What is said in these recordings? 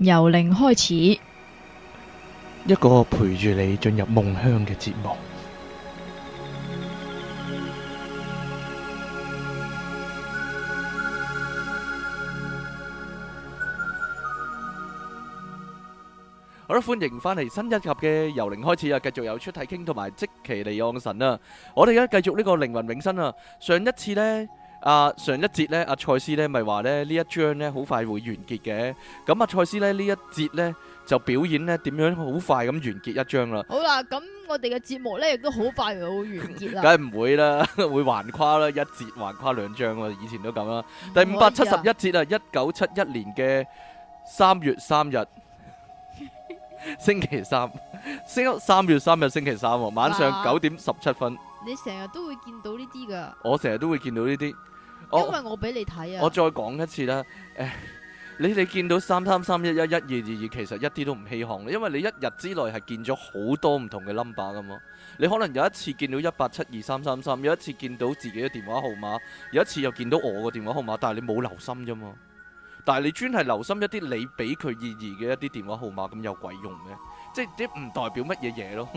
由零開始，一個陪住你進入夢鄉嘅節目。好啦，歡迎翻嚟新一集嘅由零開始啊！繼續有出體傾同埋即其離岸神啊！我哋而家繼續呢個靈魂永生啊！上一次呢。啊，上一節咧，阿賽斯咧咪話咧呢一章咧好快會完結嘅，咁啊賽斯咧呢一節咧就表演咧點樣好快咁完結一章啦。好啦，咁我哋嘅節目咧亦都好快會完結啊。梗係唔會啦，會橫跨啦一節橫跨兩章啦，以前都咁啦。第五百七十一節啊，一九七一年嘅三月三日，星期三，三月三日星期三，晚上九點十七分。你成日都會見到呢啲噶，我成日都會見到呢啲。因為我俾你睇啊，我再講一次啦。你哋見到三三三一一一二二二，其實一啲都唔稀罕，因為你一日之內係見咗好多唔同嘅 number 噶嘛。你可能有一次見到一八七二三三三，有一次見到自己嘅電話號碼，有一次又見到我嘅電話號碼，但係你冇留心啫嘛。但係你專係留心一啲你俾佢意義嘅一啲電話號碼，咁有鬼用咩？即係啲唔代表乜嘢嘢咯，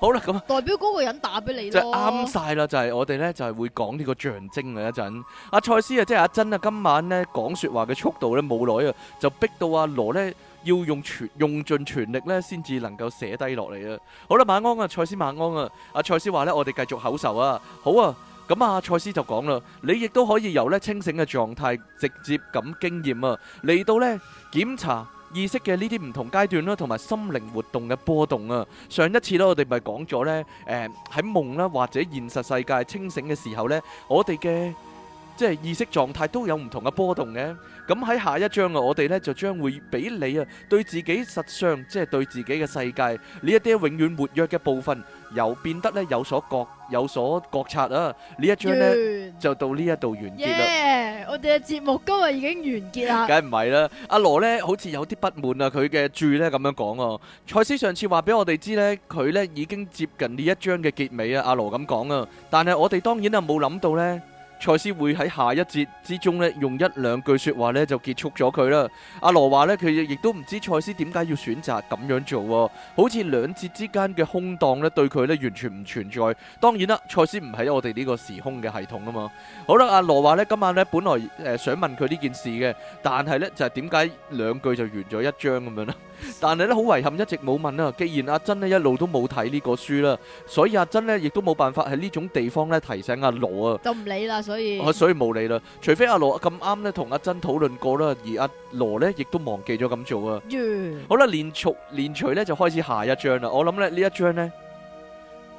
好啦咁，代表嗰個人打俾你咯，就啱晒啦，就係我哋咧就係會講呢個象徵啊一陣。阿蔡思啊，即係阿珍啊，今晚咧講説話嘅速度咧冇耐啊，就逼到阿羅咧要用全用盡全力咧先至能夠寫低落嚟啊。好啦，晚安啊，蔡思晚安啊。阿蔡思話咧，我哋繼續口授啊。好啊，咁啊，蔡思就講啦，你亦都可以由咧清醒嘅狀態直接咁經驗啊，嚟到咧檢查意識嘅呢啲唔同階段啦，同埋心靈活動嘅波動啊！上一次咧，我哋咪講咗呢，誒喺夢啦或者現實世界清醒嘅時候呢，我哋嘅。即係意識狀態都有唔同嘅波動嘅，咁喺下一章啊，我哋咧就將會俾你啊，對自己實相，即係對自己嘅世界呢一啲永遠活躍嘅部分，又變得咧有所覺有所覺察啊！呢一章咧就到呢一度完結啦。我哋嘅節目今日已經完結啦。梗係唔係啦，阿羅咧好似有啲不滿啊，佢嘅注咧咁樣講啊。賽斯上次話俾我哋知咧，佢咧已經接近呢一章嘅結尾啊。阿羅咁講啊，但係我哋當然啊冇諗到咧。賽斯會喺下一節之中咧，用一兩句說話咧就結束咗佢啦。阿羅話咧，佢亦都唔知賽斯點解要選擇咁樣做、啊、好似兩節之間嘅空檔咧，對佢咧完全唔存在。當然啦，賽斯唔係我哋呢個時空嘅系統啊嘛。好啦，阿羅話咧，今晚咧本來誒、呃、想問佢呢件事嘅，但係咧就係點解兩句就完咗一章咁樣咧？ 但係咧好遺憾，一直冇問啊。既然阿珍呢一路都冇睇呢個書啦，所以阿珍呢亦都冇辦法喺呢種地方咧提醒阿羅啊，就唔理啦。所以，哦、所以冇理啦。除非阿羅咁啱咧同阿珍討論過啦，而阿羅呢亦都忘記咗咁做啊。Yeah. 好啦，連續連隨咧就開始下一章啦。我諗咧呢一章呢。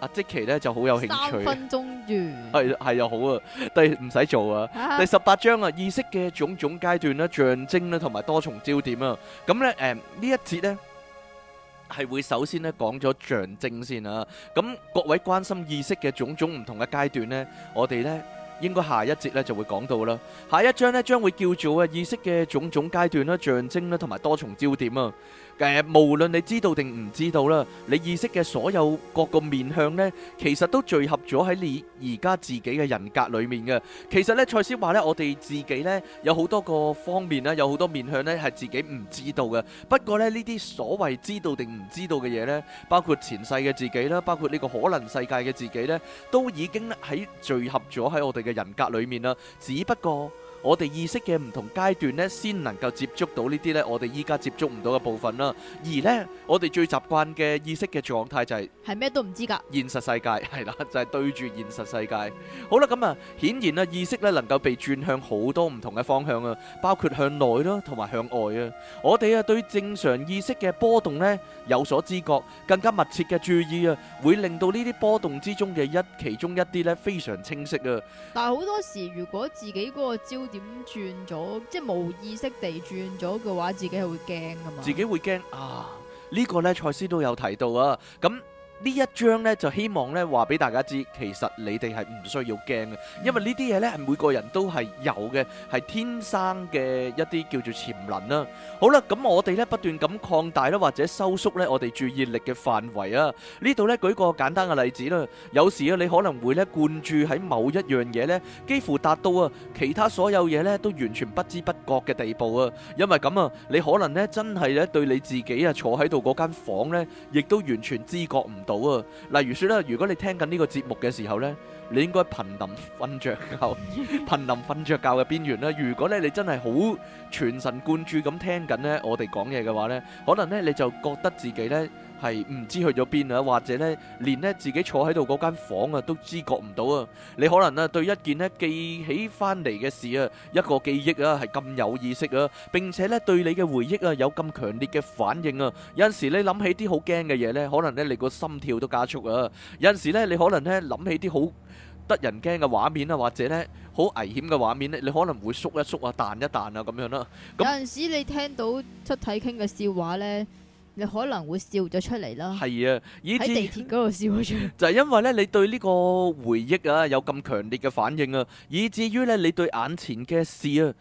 阿即其咧就好有興趣，三分鐘完係係又好啊！但係唔使做啊！第十八章啊，意識嘅種種階段啦，象徵啦，同埋多重焦點啊！咁咧，誒呢一節咧係會首先咧講咗象徵先啊！咁各位關心意識嘅種種唔同嘅階段咧，我哋咧應該下一節咧就會講到啦。下一章咧將會叫做啊意識嘅種種階段啦，象徵啦，同埋多重焦點啊！誒，無論你知道定唔知道啦，你意識嘅所有各個面向咧，其實都聚合咗喺你而家自己嘅人格裏面嘅。其實咧，賽斯話咧，我哋自己咧有好多個方面啦，有好多面向咧係自己唔知道嘅。不過咧，呢啲所謂知道定唔知道嘅嘢咧，包括前世嘅自己啦，包括呢個可能世界嘅自己咧，都已經喺聚合咗喺我哋嘅人格裏面啦。只不過，我哋意識嘅唔同階段咧，先能夠接觸到呢啲咧，我哋依家接觸唔到嘅部分啦。而咧，我哋最習慣嘅意識嘅狀態就係係咩都唔知㗎。現實世界係啦，就係對住現實世界。好啦，咁啊，顯然啊，意識咧能夠被轉向好多唔同嘅方向啊，包括向內咯，同埋向外啊。我哋啊，對正常意識嘅波動咧有所知覺，更加密切嘅注意啊，會令到呢啲波動之中嘅一其中一啲咧非常清晰啊。但係好多時，如果自己嗰個焦點轉咗，即係無意識地轉咗嘅話，自己係會驚㗎嘛？自己會驚啊！這個、呢個咧，賽斯都有提到啊。咁。呢一章咧就希望咧話俾大家知，其實你哋係唔需要驚嘅，因為呢啲嘢咧係每個人都係有嘅，係天生嘅一啲叫做潛能啦。好啦，咁我哋咧不斷咁擴大啦，或者收縮咧我哋注意力嘅範圍啊。呢度咧舉個簡單嘅例子啦，有時啊你可能會咧灌注喺某一樣嘢咧，幾乎達到啊其他所有嘢咧都完全不知不覺嘅地步啊。因為咁啊，你可能咧真係咧對你自己啊坐喺度嗰間房咧，亦都完全知覺唔到。到啊！例如說咧，如果你聽緊呢個節目嘅時候咧，你應該瀕臨瞓着覺、瀕臨瞓着覺嘅邊緣啦。如果咧你真係好全神貫注咁聽緊咧我哋講嘢嘅話咧，可能咧你就覺得自己咧。係唔知去咗邊啊，或者呢連咧自己坐喺度嗰間房啊都知覺唔到啊！你可能咧、啊、對一件咧記起翻嚟嘅事啊，一個記憶啊係咁有意識啊，並且呢對你嘅回憶啊有咁強烈嘅反應啊！有陣時你諗起啲好驚嘅嘢呢，可能呢你個心跳都加速啊！有陣時咧你可能呢諗起啲好得人驚嘅畫面啊，或者呢好危險嘅畫面呢，你可能會縮一縮啊、彈一彈啊咁樣啦。有陣時你聽到出體傾嘅笑話呢。你可能會笑咗出嚟囉，係啊，喺地鐵嗰度笑咗出嚟，就係因為咧，你對呢個回憶啊，有咁強烈嘅反應啊，以至於咧，你對眼前嘅事啊，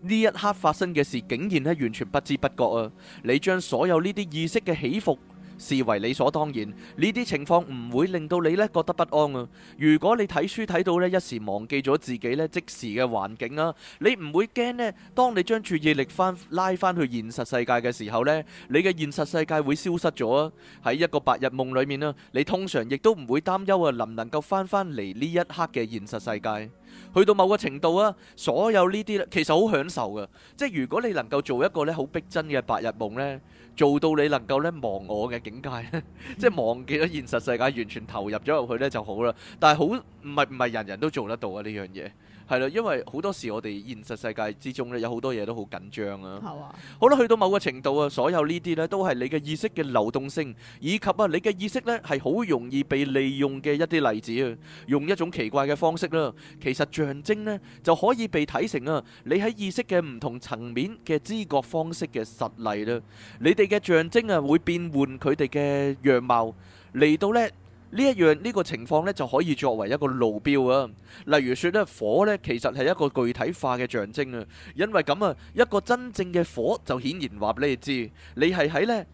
呢一刻發生嘅事，竟然咧完全不知不覺啊，你將所有呢啲意識嘅起伏，視為理所當然，呢啲情況唔會令到你呢覺得不安啊！如果你睇書睇到呢一時忘記咗自己呢即時嘅環境啊，你唔會驚呢。當你將注意力翻拉翻去現實世界嘅時候呢，你嘅現實世界會消失咗啊！喺一個白日夢裏面啊，你通常亦都唔會擔憂啊，能唔能夠翻翻嚟呢一刻嘅現實世界？去到某個程度啊，所有呢啲咧其實好享受噶，即係如果你能夠做一個呢好逼真嘅白日夢呢。做到你能夠咧忘我嘅境界，即係忘記咗現實世界，完全投入咗入去咧就好啦。但係好，唔係唔係人人都做得到啊呢樣嘢。係啦，因為好多時我哋現實世界之中咧，有好多嘢都好緊張啊。好啦，啊，去到某個程度啊，所有呢啲呢都係你嘅意識嘅流動性，以及啊你嘅意識呢係好容易被利用嘅一啲例子啊。用一種奇怪嘅方式啦，其實象徵呢就可以被睇成啊你喺意識嘅唔同層面嘅知覺方式嘅實例啦。你哋嘅象徵啊會變換佢哋嘅樣貌嚟到呢。呢一樣呢個情況呢，就可以作為一個路標啊。例如說呢火呢，其實係一個具體化嘅象徵啊。因為咁啊，一個真正嘅火就顯然話俾你知，你係喺呢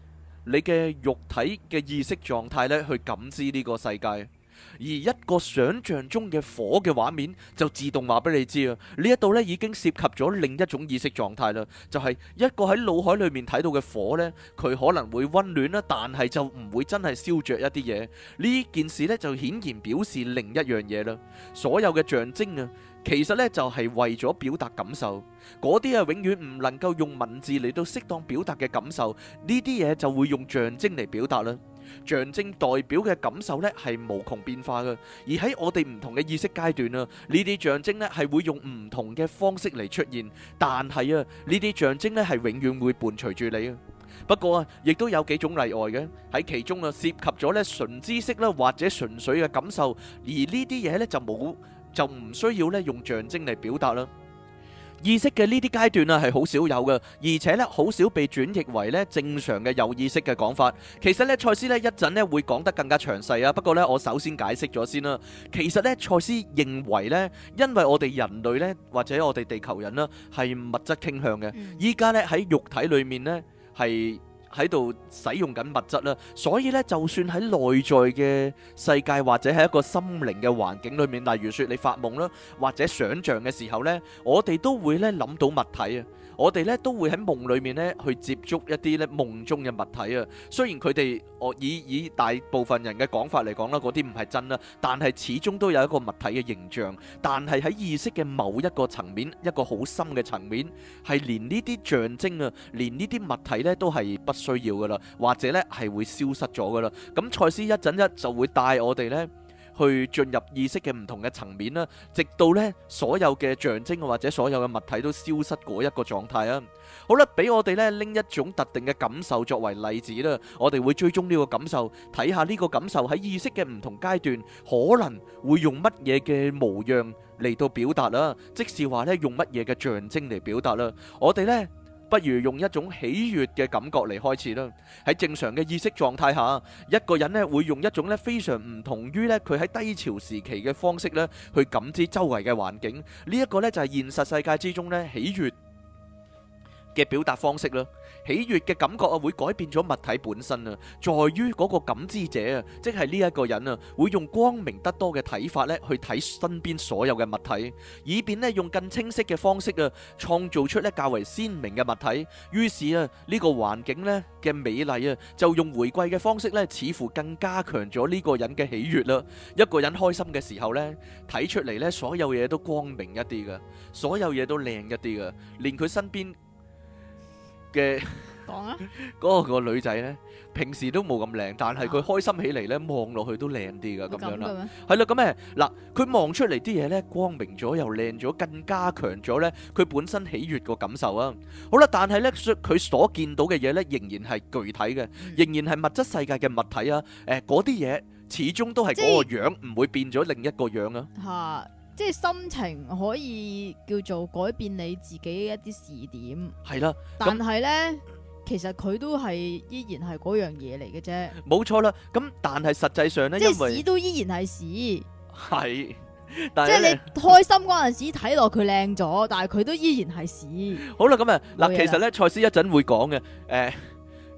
你嘅肉體嘅意識狀態呢，去感知呢個世界。而一個想象中嘅火嘅畫面就自動話俾你知啊，呢一度呢已經涉及咗另一種意識狀態啦，就係一個喺腦海裏面睇到嘅火呢，佢可能會温暖啦，但係就唔會真係燒着一啲嘢。呢件事呢，就顯然表示另一樣嘢啦。所有嘅象徵啊，其實呢，就係為咗表達感受，嗰啲啊永遠唔能夠用文字嚟到適當表達嘅感受，呢啲嘢就會用象徵嚟表達啦。象徵代表嘅感受呢係無窮變化嘅，而喺我哋唔同嘅意識階段啊，呢啲象徵呢係會用唔同嘅方式嚟出現，但係啊呢啲象徵呢係永遠會伴隨住你啊。不過啊，亦都有幾種例外嘅喺其中啊，涉及咗呢純知識啦，或者純粹嘅感受，而呢啲嘢呢就冇，就唔需要呢用象徵嚟表達啦。意識嘅呢啲階段啊，係好少有嘅，而且咧好少被轉譯為咧正常嘅有意識嘅講法。其實咧，賽斯咧一陣咧會講得更加詳細啊。不過咧，我首先解釋咗先啦。其實咧，賽斯認為咧，因為我哋人類咧或者我哋地球人啦係物質傾向嘅，依家咧喺肉體裏面咧係。喺度使用緊物質啦，所以咧，就算喺內在嘅世界或者喺一個心靈嘅環境裏面，例如説你發夢啦，或者想象嘅時候咧，我哋都會咧諗到物體啊。我哋咧都會喺夢裏面咧去接觸一啲咧夢中嘅物體啊。雖然佢哋我以以大部分人嘅講法嚟講啦，嗰啲唔係真啊，但係始終都有一個物體嘅形象。但係喺意識嘅某一個層面，一個好深嘅層面，係連呢啲象徵啊，連呢啲物體咧都係不需要㗎喇，或者咧係會消失咗㗎喇。咁賽斯一陣一就會帶我哋咧。去進入意識嘅唔同嘅層面啦，直到呢所有嘅象徵或者所有嘅物體都消失嗰一個狀態啊。好啦，俾我哋呢拎一種特定嘅感受作為例子啦，我哋會追蹤呢個感受，睇下呢個感受喺意識嘅唔同階段可能會用乜嘢嘅模樣嚟到表達啦，即是話呢，用乜嘢嘅象徵嚟表達啦，我哋呢。不如用一種喜悅嘅感覺嚟開始啦。喺正常嘅意識狀態下，一個人咧會用一種咧非常唔同於咧佢喺低潮時期嘅方式咧去感知周圍嘅環境。呢一個咧就係現實世界之中咧喜悅嘅表達方式啦。喜悦嘅感覺啊，會改變咗物體本身啊，在於嗰個感知者啊，即係呢一個人啊，會用光明得多嘅睇法咧，去睇身邊所有嘅物體，以便咧用更清晰嘅方式啊，創造出咧較為鮮明嘅物體。於是啊，呢個環境咧嘅美麗啊，就用回饋嘅方式咧，似乎更加強咗呢個人嘅喜悦啦。一個人開心嘅時候咧，睇出嚟咧，所有嘢都光明一啲嘅，所有嘢都靚一啲嘅，連佢身邊，嘅，講啊，嗰個個女仔咧，平時都冇咁靚，但係佢開心起嚟咧，望落去都靚啲噶，咁樣啦，係咯，咁誒，嗱，佢望出嚟啲嘢咧，光明咗又靚咗，更加強咗咧，佢本身喜悅個感受啊，好啦，但係咧，佢所見到嘅嘢咧，仍然係具體嘅，仍然係物質世界嘅物體啊，誒，嗰啲嘢始終都係嗰個樣，唔會變咗另一個樣啊。即係心情可以叫做改變你自己一啲視點，係啦。但係咧，其實佢都係依然係嗰樣嘢嚟嘅啫，冇錯啦。咁但係實際上咧，即係屎都依然係屎，係。但即係你開心嗰陣時睇落佢靚咗， 但係佢都依然係屎。好啦，咁、嗯、啊，嗱，其實咧，賽斯一陣會講嘅，誒、呃。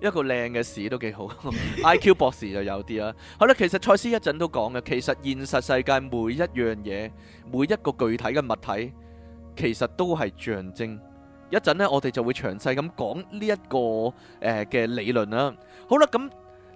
一個靚嘅市都幾好 ，IQ 博士就有啲啦。好啦，其實賽斯一陣都講嘅，其實現實世界每一樣嘢，每一個具體嘅物體，其實都係象徵。一陣呢，我哋就會詳細咁講呢一個誒嘅、呃、理論啦。好啦，咁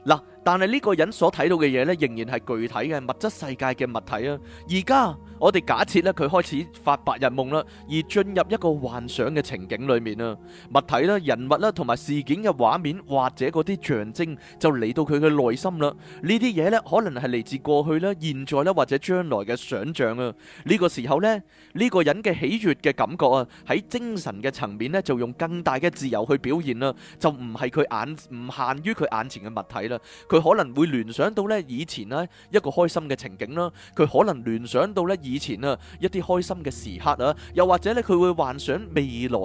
嗱。但係呢個人所睇到嘅嘢咧，仍然係具體嘅物質世界嘅物體啊。而家我哋假設咧，佢開始發白日夢啦，而進入一個幻想嘅情景裏面啊。物體啦、人物啦同埋事件嘅畫面或者嗰啲象徵就嚟到佢嘅內心啦。呢啲嘢咧，可能係嚟自過去啦、現在啦或者將來嘅想象啊。呢個時候咧，呢個人嘅喜悅嘅感覺啊，喺精神嘅層面咧，就用更大嘅自由去表現啦，就唔係佢眼，唔限於佢眼前嘅物體啦。佢可能會聯想到咧以前咧一個開心嘅情景啦，佢可能聯想到咧以前啊一啲開心嘅時刻啊，又或者咧佢會幻想未來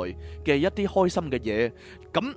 嘅一啲開心嘅嘢，咁。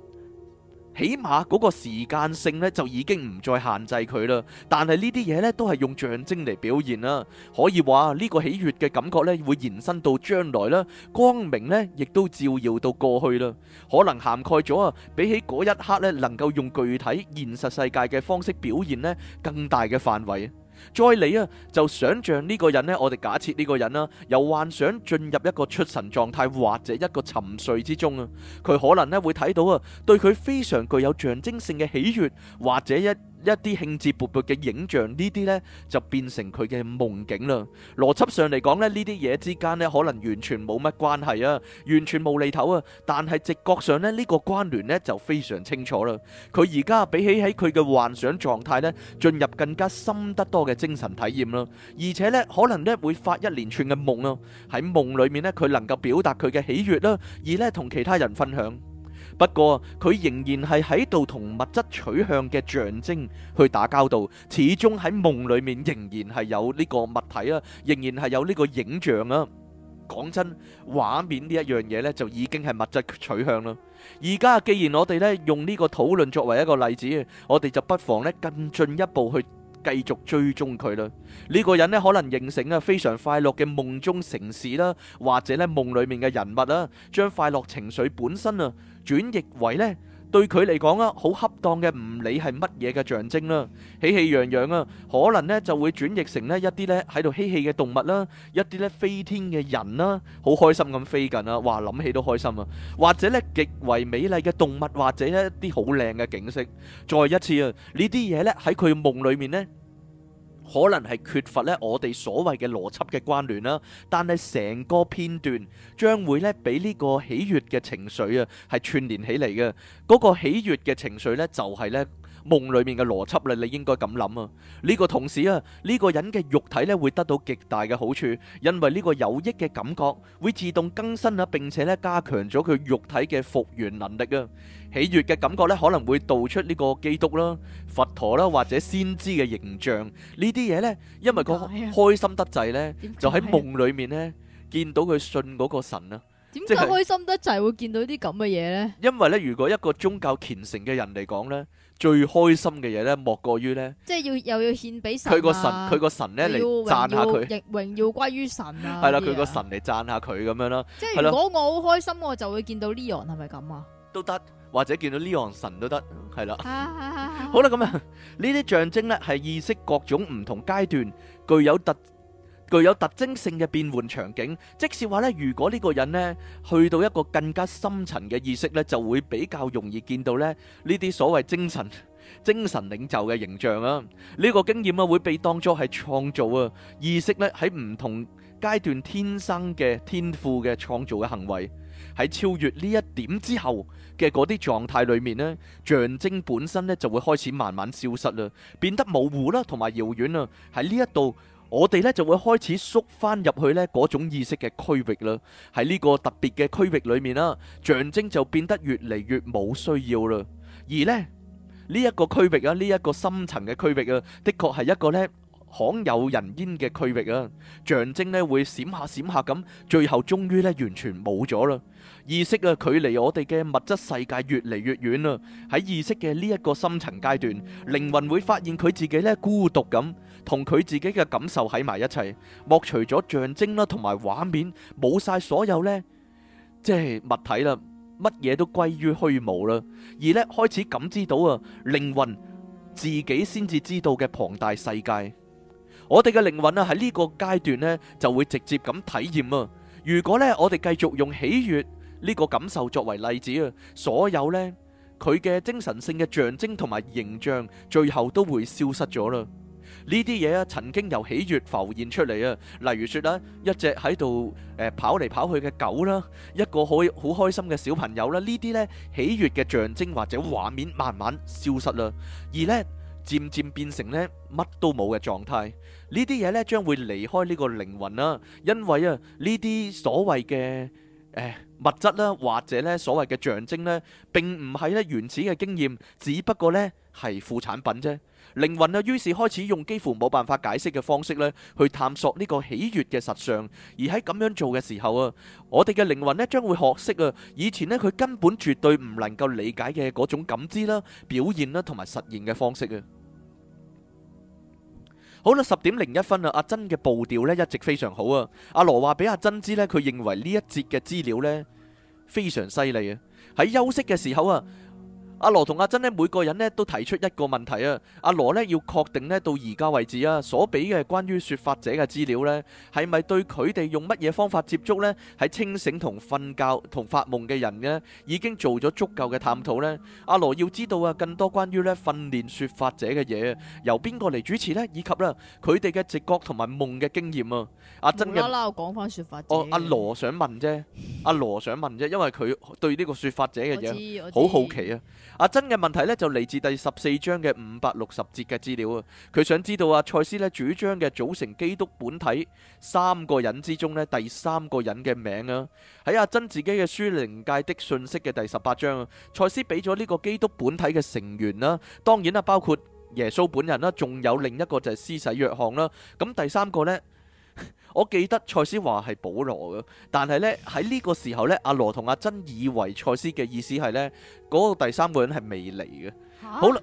起碼嗰個時間性咧就已經唔再限制佢啦，但係呢啲嘢咧都係用象徵嚟表現啦，啊，可以話呢個喜悅嘅感覺咧會延伸到將來啦，光明咧亦都照耀到過去啦，可能涵蓋咗啊比起嗰一刻咧能夠用具體現實世界嘅方式表現咧更大嘅範圍。再嚟啊，就想象呢個人呢。我哋假設呢個人啦，又幻想進入一個出神狀態或者一個沉睡之中啊，佢可能呢，會睇到啊，對佢非常具有象徵性嘅喜悅或者一。一啲興致勃勃嘅影像，呢啲咧就變成佢嘅夢境啦。邏輯上嚟講咧，呢啲嘢之間咧可能完全冇乜關係啊，完全冇厘頭啊。但係直覺上咧，呢個關聯咧就非常清楚啦。佢而家比起喺佢嘅幻想狀態咧，進入更加深得多嘅精神體驗啦。而且咧，可能咧會發一連串嘅夢啦。喺夢裏面咧，佢能夠表達佢嘅喜悅啦，而咧同其他人分享。不過佢仍然係喺度同物質取向嘅象徵去打交道，始終喺夢裏面仍然係有呢個物體啊，仍然係有呢個影像啊。講真，畫面呢一樣嘢呢，就已經係物質取向啦。而家既然我哋呢用呢個討論作為一個例子，我哋就不妨呢更進一步去繼續追蹤佢啦。呢、呢個人呢，可能形成啊非常快樂嘅夢中城市啦，或者呢夢裏面嘅人物啦、啊，將快樂情緒本身啊。轉譯為咧，對佢嚟講啊，好恰當嘅，唔理係乜嘢嘅象徵啦，喜氣洋洋啊，可能咧就會轉譯成咧一啲咧喺度嬉戲嘅動物啦，一啲咧飛天嘅人啦，好開心咁飛緊啊，哇諗起都開心啊，或者咧極為美麗嘅動物，或者一啲好靚嘅景色，再一次啊呢啲嘢咧喺佢夢裏面咧。可能係缺乏咧我哋所謂嘅邏輯嘅關聯啦，但係成個片段將會咧俾呢個喜悅嘅情緒啊，係串聯起嚟嘅嗰個喜悅嘅情緒咧，就係，就係咧。夢裏面嘅邏輯咧，你應該咁諗啊。呢個同時啊，呢個人嘅肉體咧會得到極大嘅好處，因為呢個有益嘅感覺會自動更新啊，並且咧加強咗佢肉體嘅復原能力啊。喜悦嘅感覺咧可能會導出呢個基督啦，佛陀啦或者先知嘅形象。呢啲嘢咧，因為個開心得滯咧，就喺夢裏面咧見到佢信嗰個神啊。點解開心得滯會見到啲咁嘅嘢咧？因為咧，如果一個宗教虔誠嘅人嚟講咧。最開心嘅嘢咧，莫過於咧，即係要又要獻俾神，佢個神佢個神咧嚟讚下佢，亦榮耀歸於神啊！係啦，佢個神嚟讚下佢咁樣咯。即係如果了我好開心，我就會見到呢樣，係咪咁啊？都得，或者見到呢樣神都得，係啦。好啦，咁啊，啊啊 徵呢啲象徵咧係意識各種唔同階段具有特具有特徵性嘅變換場景，即是話咧，如果呢個人咧去到一個更加深層嘅意識咧，就會比較容易見到咧呢啲所謂精神、精神領袖嘅形象啦。呢個經驗啊會被當作係創造啊意識咧喺唔同階段天生嘅天賦嘅創造嘅行為。喺超越呢一點之後嘅嗰啲狀態裏面咧，象徵本身咧就會開始慢慢消失啦，變得模糊啦，同埋遙遠啦。喺呢一度。我哋咧就會開始縮翻入去咧嗰種意識嘅區域啦，喺呢個特別嘅區域裏面啦，象徵就變得越嚟越冇需要啦。而咧呢一個區域啊，呢一個深層嘅區域啊，的確係一個咧罕有人煙嘅區域啊。象徵咧會閃下閃下咁，最後終於咧完全冇咗啦。意識啊，距離我哋嘅物質世界越嚟越遠啦。喺意識嘅呢一個深層階段，靈魂會發現佢自己咧孤獨咁。同佢自己嘅感受喺埋一齊，剝除咗象徵啦，同埋畫面冇晒所有呢，即係物體啦，乜嘢都歸於虛無啦，而呢開始感知到啊，靈魂自己先至知道嘅龐大世界。我哋嘅靈魂啊，喺呢個階段呢就會直接咁體驗啊。如果呢我哋繼續用喜悅呢個感受作為例子啊，所有呢佢嘅精神性嘅象徵同埋形象，最後都會消失咗啦。呢啲嘢啊，曾經由喜悅浮現出嚟啊，例如說啦，一隻喺度誒跑嚟跑去嘅狗啦，一個好好開心嘅小朋友啦，呢啲呢喜悅嘅象徵或者畫面慢慢消失啦，而呢漸漸變成呢乜都冇嘅狀態。呢啲嘢呢將會離開呢個靈魂啦，因為啊，呢啲所謂嘅誒、呃、物質啦，或者呢所謂嘅象徵呢，並唔係呢原始嘅經驗，只不過呢係副產品啫。靈魂啊，於是開始用幾乎冇辦法解釋嘅方式呢，去探索呢個喜悦嘅實相。而喺咁樣做嘅時候啊，我哋嘅靈魂呢，將會學識啊，以前呢，佢根本絕對唔能夠理解嘅嗰種感知啦、表現啦同埋實現嘅方式啊。好啦，十點零一分啊，阿珍嘅步調呢，一直非常好啊。阿羅話俾阿珍知呢，佢認為呢一節嘅資料呢，非常犀利啊。喺休息嘅時候啊。阿羅同阿珍呢，每個人呢都提出一個問題啊。阿羅呢要確定呢到而家為止啊，所俾嘅關於說法者嘅資料呢，係咪對佢哋用乜嘢方法接觸呢？喺清醒同瞓覺同發夢嘅人呢，已經做咗足夠嘅探討呢。阿羅要知道啊，更多關於呢訓練說法者嘅嘢，由邊個嚟主持呢？以及呢，佢哋嘅直覺同埋夢嘅經驗啊。阿珍，我講翻說法者。哦，阿羅想問啫，阿羅想問啫，因為佢對呢個說法者嘅嘢好好奇啊。阿珍嘅問題呢，就嚟自第十四章嘅五百六十節嘅資料啊，佢想知道啊，賽斯咧主張嘅組成基督本體三個人之中咧第三個人嘅名啊，喺阿珍自己嘅書靈界的信息嘅第十八章啊，賽斯俾咗呢個基督本體嘅成員啦，當然啦包括耶穌本人啦，仲有另一個就係施洗約翰啦，咁第三個呢？ 我記得賽斯話係保羅嘅，但係呢喺呢個時候呢，阿羅同阿珍以為賽斯嘅意思係呢嗰，那個第三個人係未嚟嘅。好啦，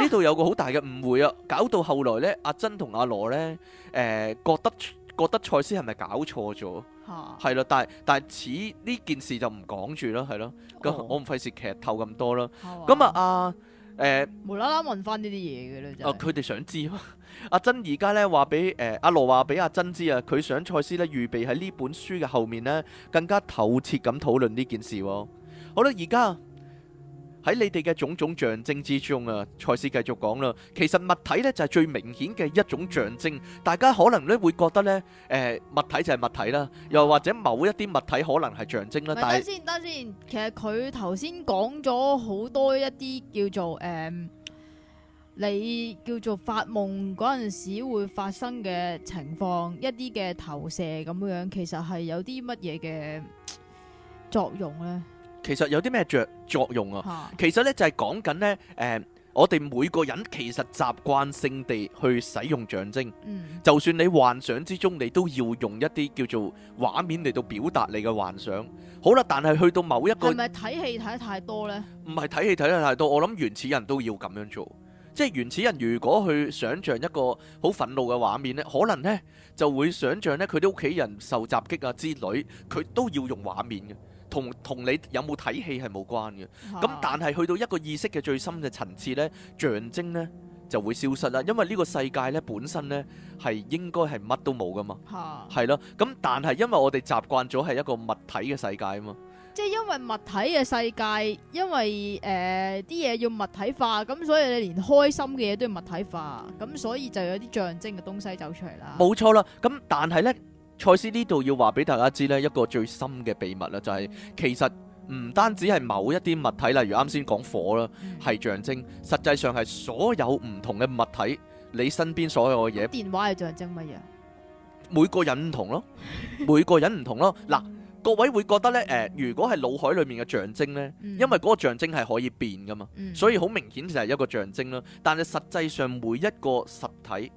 呢度有個好大嘅誤會啊，搞到後來呢，阿珍同阿羅呢，誒、呃、覺得覺得賽斯係咪搞錯咗？係咯哈，但係但係此呢件事就唔講住啦，係咯，咁、哦、我唔費事劇透咁多啦。咁玩啊，阿、啊。誒、呃， 無啦啦問翻呢啲嘢嘅咧就，啊，佢哋想知啊。阿珍而家咧話俾誒阿羅話俾阿珍知啊，佢想賽斯咧預備喺呢本書嘅後面咧更加透徹咁討論呢件事。好啦，而家。喺你哋嘅種種象徵之中啊，賽斯繼續講啦。其實物體咧就係最明顯嘅一種象徵，大家可能咧會覺得咧，誒物體就係物體啦，又或者某一啲物體可能係象徵啦。等先，等先，其實佢頭先講咗好多一啲叫做誒，你叫做發夢嗰陣時會發生嘅情況，一啲嘅投射咁樣，其實係有啲乜嘢嘅作用咧？其實有啲咩作用啊？其實咧就係講緊呢。誒、呃，我哋每個人其實習慣性地去使用象徵，嗯、就算你幻想之中，你都要用一啲叫做畫面嚟到表達你嘅幻想。好啦，但係去到某一個，係咪睇戲睇得太多呢？唔係睇戲睇得太多，我諗原始人都要咁樣做。即係原始人如果去想象一個好憤怒嘅畫面呢，可能呢就會想象呢，佢啲屋企人受襲擊啊之類，佢都要用畫面嘅。同同你有冇睇戲係冇關嘅，咁、啊、但係去到一個意識嘅最深嘅層次呢，象徵呢就會消失啦，因為呢個世界呢本身呢係應該係乜都冇噶嘛，係咯、啊，咁但係因為我哋習慣咗係一個物體嘅世界啊嘛，即係因為物體嘅世界，因為誒啲嘢要物體化，咁所以你連開心嘅嘢都要物體化，咁所以就有啲象徵嘅東西走出嚟啦，冇錯啦，咁但係呢。賽斯呢度要話俾大家知呢一個最深嘅秘密啦，就係、是、其實唔單止係某一啲物體，例如啱先講火啦，係象徵，實際上係所有唔同嘅物體，你身邊所有嘅嘢。電話係象徵乜嘢？每個人唔同咯，每個人唔同咯。嗱，各位會覺得呢，誒、呃，如果係腦海裏面嘅象徵呢，因為嗰個象徵係可以變噶嘛，所以好明顯就係一個象徵啦。但係實際上每一個實體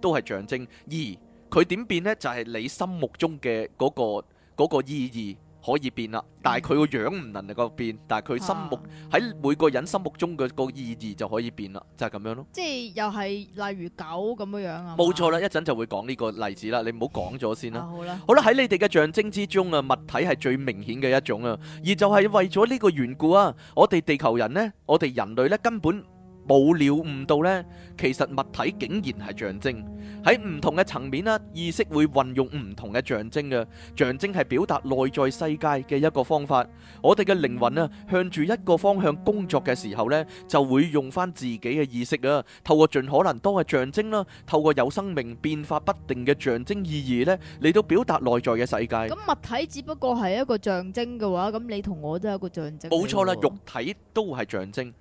都係象徵，而佢點變呢？就係你心目中嘅嗰個嗰個意義可以變啦，但係佢個樣唔能夠變，但係佢心目喺每個人心目中嘅個意義就可以變啦，就係咁樣咯。即係又係例如狗咁樣樣啊。冇錯啦，一陣就會講呢個例子啦。你唔好講咗先啦。好啦，好啦，喺你哋嘅象徵之中啊，物體係最明顯嘅一種啊，而就係為咗呢個緣故啊，我哋地球人呢，我哋人類呢，根本，冇了悟到咧，其實物體竟然係象徵。喺唔同嘅層面啦，意識會運用唔同嘅象徵嘅，象徵係表達內在世界嘅一個方法。我哋嘅靈魂啊，向住一個方向工作嘅時候咧，就會用翻自己嘅意識啊，透過盡可能多嘅象徵啦，透過有生命、變化不定嘅象徵意義咧，嚟到表達內在嘅世界。咁物體只不過係一個象徵嘅話，咁你同我都係一個象徵。冇錯啦，肉體都係象徵。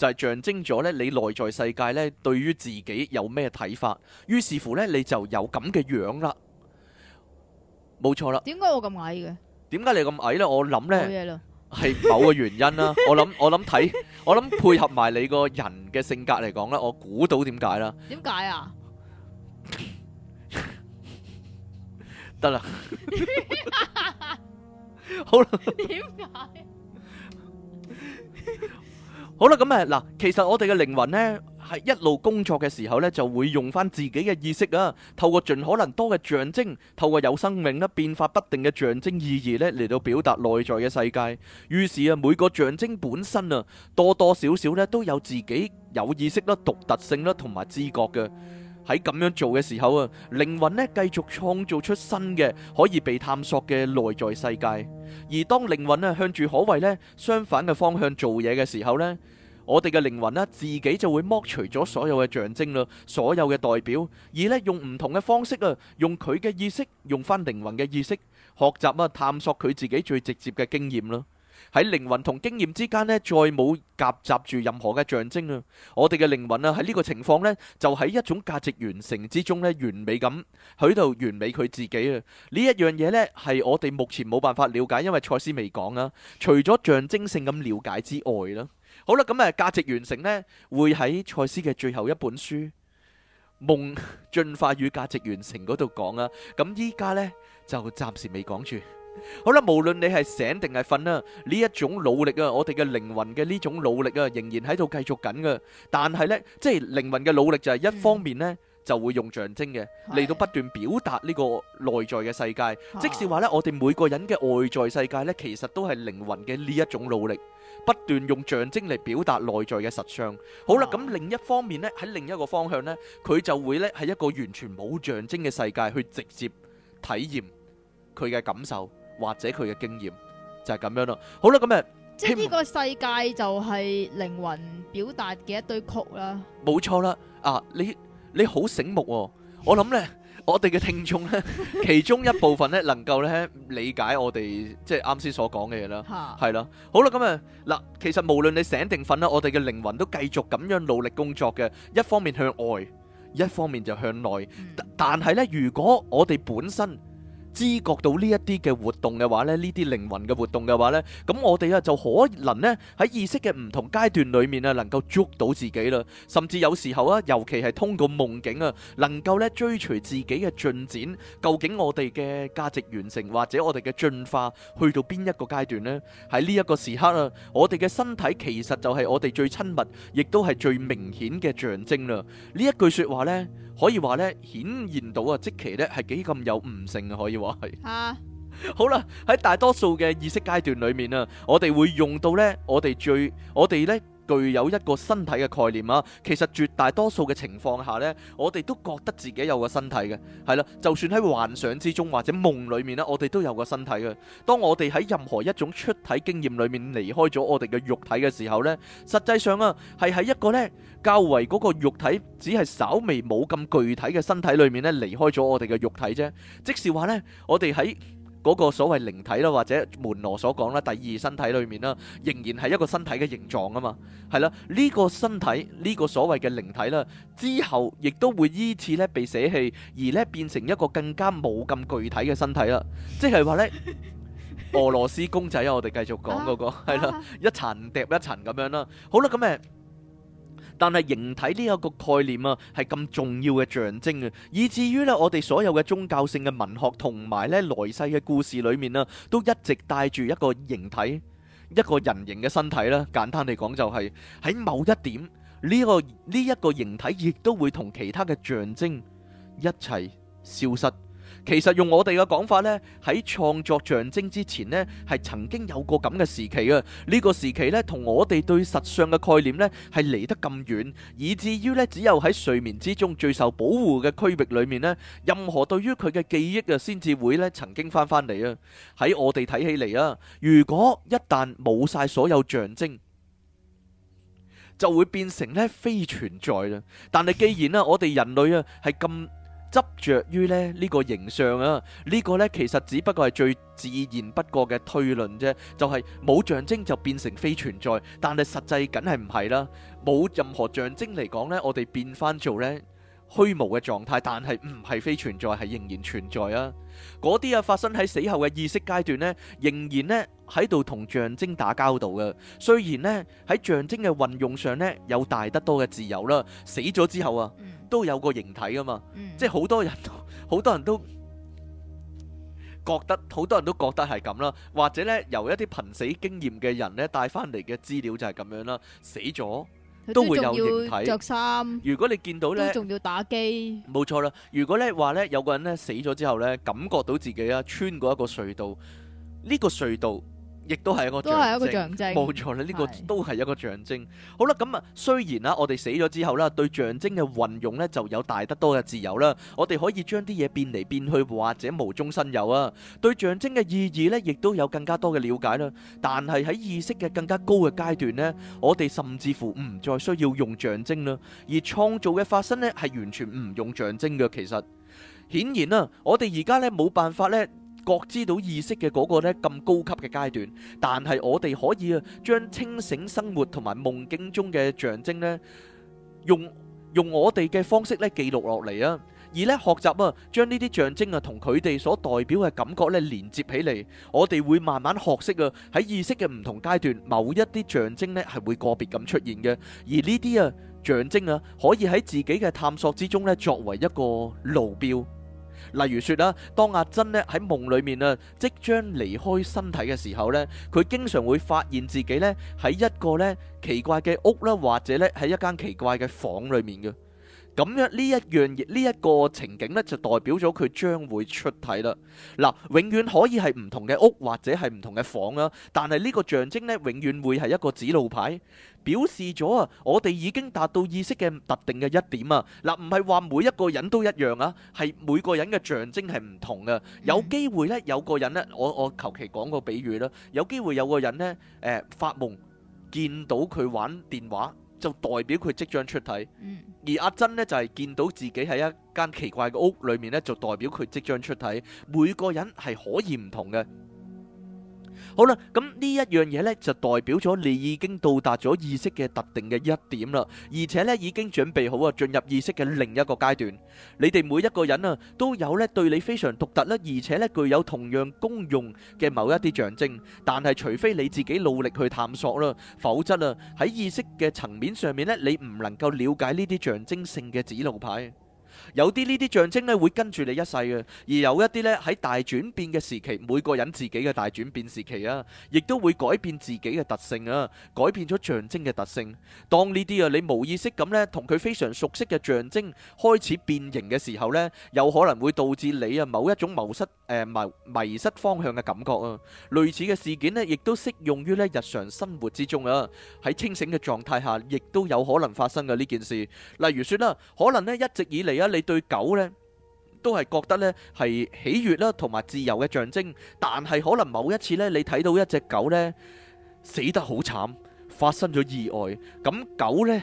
就係象徵咗咧，你內在世界咧對於自己有咩睇法，於是乎咧你就有咁嘅樣啦。冇錯啦。點解我咁矮嘅？點解你咁矮咧？我諗咧係某個原因啦。我諗我諗睇，我諗配合埋你個人嘅性格嚟講咧，我估到點解啦。點解啊？得啦。好啦。點解？好啦，咁啊，嗱，其實我哋嘅靈魂呢，係一路工作嘅時候呢，就會用翻自己嘅意識啊，透過盡可能多嘅象徵，透過有生命啦、變化不定嘅象徵意義呢，嚟到表達內在嘅世界。於是啊，每個象徵本身啊，多多少少呢，都有自己有意識啦、獨特性啦，同埋知覺嘅。喺咁樣做嘅時候啊，靈魂咧，繼續創造出新嘅可以被探索嘅內在世界。而當靈魂咧向住可謂咧相反嘅方向做嘢嘅時候咧，我哋嘅靈魂啦自己就會剝除咗所有嘅象徵啦，所有嘅代表，而咧用唔同嘅方式啊，用佢嘅意識，用翻靈魂嘅意識，學習啊探索佢自己最直接嘅經驗啦。喺靈魂同經驗之間呢再冇夾雜住任何嘅象徵啊！我哋嘅靈魂啊，喺呢個情況呢就喺一種價值完成之中呢完美咁喺度完美佢自己啊！呢一樣嘢呢係我哋目前冇辦法了解，因為賽斯未講啊。除咗象徵性咁了解之外啦，好啦，咁啊價值完成呢會喺賽斯嘅最後一本書《夢進化與價值完成》嗰度講啊。咁依家呢就暫時未講住。好啦，無論你係醒定係瞓啊，呢一種努力啊，我哋嘅靈魂嘅呢種努力啊，仍然喺度繼續緊噶。但係呢，即係靈魂嘅努力就係一方面呢，嗯、就會用象徵嘅嚟到不斷表達呢個內在嘅世界。啊、即使話呢，我哋每個人嘅外在世界呢，其實都係靈魂嘅呢一種努力，不斷用象徵嚟表達內在嘅實相。好啦，咁、啊、另一方面呢，喺另一個方向呢，佢就會呢，喺一個完全冇象徵嘅世界去直接體驗佢嘅感受。或者佢嘅經驗就係咁樣咯。好啦，咁啊，即係呢個世界就係靈魂表達嘅一堆曲啦。冇錯啦。啊，你你好醒目喎。我諗咧，我哋嘅聽眾咧，其中一部分咧，能夠咧，理解我哋即係啱先所講嘅嘢啦。係啦。好啦，咁啊嗱，其實無論你醒定瞓啦，我哋嘅靈魂都繼續咁樣努力工作嘅。一方面向外，一方面就向內。但係咧，如果我哋本身，知覺到呢一啲嘅活動嘅話咧，呢啲靈魂嘅活動嘅話呢，咁我哋啊就可能呢喺意識嘅唔同階段裏面啊，能夠捉到自己啦，甚至有時候啊，尤其係通過夢境啊，能夠呢追隨自己嘅進展，究竟我哋嘅價值完成或者我哋嘅進化去到邊一個階段呢？喺呢一個時刻啊，我哋嘅身體其實就係我哋最親密，亦都係最明顯嘅象徵啦。呢一句説話呢。可以話咧，顯現到啊，即期咧係幾咁有悟性啊，可以話係嚇。啊、 好啦，喺大多數嘅意識階段裏面啊，我哋會用到咧，我哋最，我哋咧。具有一個身體嘅概念啊，其實絕大多數嘅情況下呢，我哋都覺得自己有個身體嘅，係啦，就算喺幻想之中或者夢裏面呢，我哋都有個身體嘅。當我哋喺任何一種出體經驗裏面離開咗我哋嘅肉體嘅時候呢，實際上啊係喺一個呢較為嗰個肉體只係稍微冇咁具體嘅身體裏面呢離開咗我哋嘅肉體啫，即是話呢我哋喺。嗰個所謂靈體啦，或者門羅所講啦，第二身體裏面啦，仍然係一個身體嘅形狀啊嘛，係啦，呢個身體呢個所謂嘅靈體啦，之後亦都會依次咧被捨棄，而咧變成一個更加冇咁具體嘅身體啦，即係話咧，俄羅斯公仔啊，我哋繼續講嗰個係啦，一層疊一層咁樣啦，好啦咁誒。但係形體呢一個概念，啊，係咁重要嘅象徵啊，以至於呢我哋所有嘅宗教性嘅文學同埋呢來世嘅故事裏面啊，都一直帶住一個形體，一個人形嘅身體啦。簡單嚟講就係喺某一點呢個呢一個形體，亦都會同其他嘅象徵一齊消失。其實用我哋嘅講法咧，喺創作象徵之前咧，係曾經有過咁嘅時期啊！呢個時期咧，同我哋對實相嘅概念咧，係離得咁遠，以至於咧，只有喺睡眠之中最受保護嘅區域裏面咧，任何對於佢嘅記憶啊，先至會咧曾經翻翻嚟啊！喺我哋睇起嚟啊，如果一旦冇晒所有象徵，就會變成咧非存在啊！但係既然啊，我哋人類啊係咁。執着於呢呢個形象啊，呢、這個呢其實只不過係最自然不過嘅推論啫，就係、是、冇象徵就變成非存在，但係實際梗係唔係啦，冇任何象徵嚟講呢，我哋變返做呢。虛無嘅狀態，但係唔係非存在，係仍然存在啊！嗰啲啊發生喺死後嘅意識階段呢，仍然呢喺度同象徵打交道嘅。雖然呢，喺象徵嘅運用上呢，有大得多嘅自由啦，死咗之後啊，都有個形體啊嘛，嗯、即係好多人都好多人都覺得好多人都覺得係咁啦，或者呢，由一啲瀕死經驗嘅人呢，帶翻嚟嘅資料就係咁樣啦，死咗。都會有形體著衫。如果你見到咧，都仲要打機。冇錯啦。如果咧話咧，有個人咧死咗之後咧，感覺到自己啊穿過一個隧道，呢個隧道。亦都係一個係一個象徵，冇錯啦。呢個都係一個象徵。好啦，咁啊，雖然啦，我哋死咗之後咧，對象徵嘅運用咧，就有大得多嘅自由啦。我哋可以將啲嘢變嚟變去，或者無中生有啊。對象徵嘅意義咧，亦都有更加多嘅了解啦。但係喺意識嘅更加高嘅階段呢，我哋甚至乎唔再需要用象徵啦。而創造嘅發生咧，係完全唔用象徵嘅。其實顯然啦，我哋而家咧冇辦法咧。覺知到意識嘅嗰個呢，咁高級嘅階段，但係我哋可以啊，將清醒生活同埋夢境中嘅象徵呢，用用我哋嘅方式咧記錄落嚟啊而呢學習啊將呢啲象徵啊同佢哋所代表嘅感覺咧連接起嚟，我哋會慢慢學識啊喺，意識嘅唔同階段，某一啲象徵呢係會個別咁出現嘅，而呢啲啊象徵啊可以喺自己嘅探索之中呢，作為一個路標。例如說啦，當阿珍咧喺夢裏面啊，即將離開身體嘅時候咧，佢經常會發現自己咧喺一個咧奇怪嘅屋啦，或者咧喺一間奇怪嘅房裏面嘅。咁樣呢一樣嘢，呢一個情景咧，就代表咗佢將會出體啦。嗱，永遠可以係唔同嘅屋或者係唔同嘅房啊，但係呢個象徵咧，永遠會係一個指路牌，表示咗啊，我哋已經達到意識嘅特定嘅一點啊。嗱，唔係話每一個人都一樣啊，係每個人嘅象徵係唔同嘅。有機會咧，有個人咧，我我求其講個比喻啦。有機會有個人咧，誒發夢見到佢玩電話。就代表佢即將出體，而阿珍呢就係、是、見到自己喺一間奇怪嘅屋裏面呢，就代表佢即將出體。每個人係可以唔同嘅。好啦，咁呢一樣嘢呢，就代表咗你已經到達咗意識嘅特定嘅一點啦，而且呢，已經準備好啊進入意識嘅另一個階段。你哋每一個人啊都有呢對你非常獨特啦，而且呢具有同樣功用嘅某一啲象徵，但係除非你自己努力去探索啦，否則啊喺意識嘅層面上面呢，你唔能夠了解呢啲象徵性嘅指路牌。有啲呢啲象徵呢，會跟住你一世嘅；而有一啲呢喺大轉變嘅時期，每個人自己嘅大轉變時期啊，亦都會改變自己嘅特性啊，改變咗象徵嘅特性。當呢啲啊，你無意識咁呢，同佢非常熟悉嘅象徵開始變形嘅時候呢，有可能會導致你啊某一種迷失誒迷迷失方向嘅感覺啊。類似嘅事件呢，亦都適用於呢日常生活之中啊。喺清醒嘅狀態下，亦都有可能發生嘅呢件事。例如說啦，可能呢一直以嚟啊。你對狗呢都係覺得呢係喜悅啦，同埋自由嘅象徵。但係可能某一次呢，你睇到一隻狗呢死得好慘，發生咗意外，咁狗呢，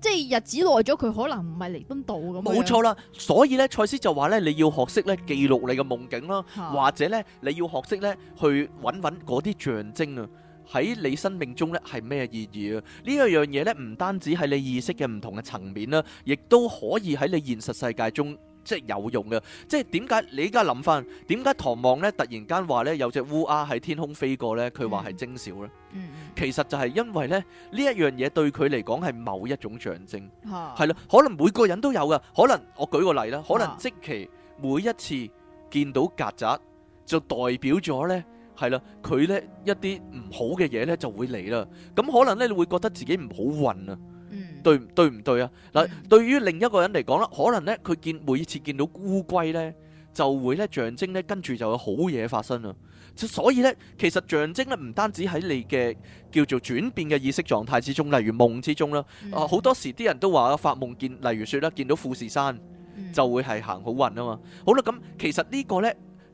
即係日子耐咗，佢可能唔係嚟得到咁樣。冇錯啦，所以咧，賽斯就話咧，你要學識咧記錄你嘅夢境啦，嗯、或者咧，你要學識咧去揾揾嗰啲象徵啊，喺你生命中咧係咩意義啊？呢一樣嘢咧唔單止係你意識嘅唔同嘅層面啦、啊，亦都可以喺你現實世界中。即係有用嘅，即係點解你而家諗翻，點解唐望咧突然間話咧有隻烏鴉喺天空飛過咧，佢話係徵兆咧？嗯，其實就係因為咧呢一樣嘢對佢嚟講係某一種象徵，係咯，可能每個人都有噶，可能我舉個例啦，可能即其每一次見到曱甴，就代表咗咧係啦，佢咧一啲唔好嘅嘢咧就會嚟啦，咁可能咧你會覺得自己唔好運啊。對對唔對啊？嗱，對於另一個人嚟講啦，可能呢佢見每次見到烏龜呢，就會呢象徵呢跟住就有好嘢發生啊！所以呢，其實象徵呢唔單止喺你嘅叫做轉變嘅意識狀態之中，例如夢之中啦，啊好多時啲人都話發夢見，例如說啦，見到富士山就會係行好運啊嘛。好啦，咁其實呢個呢，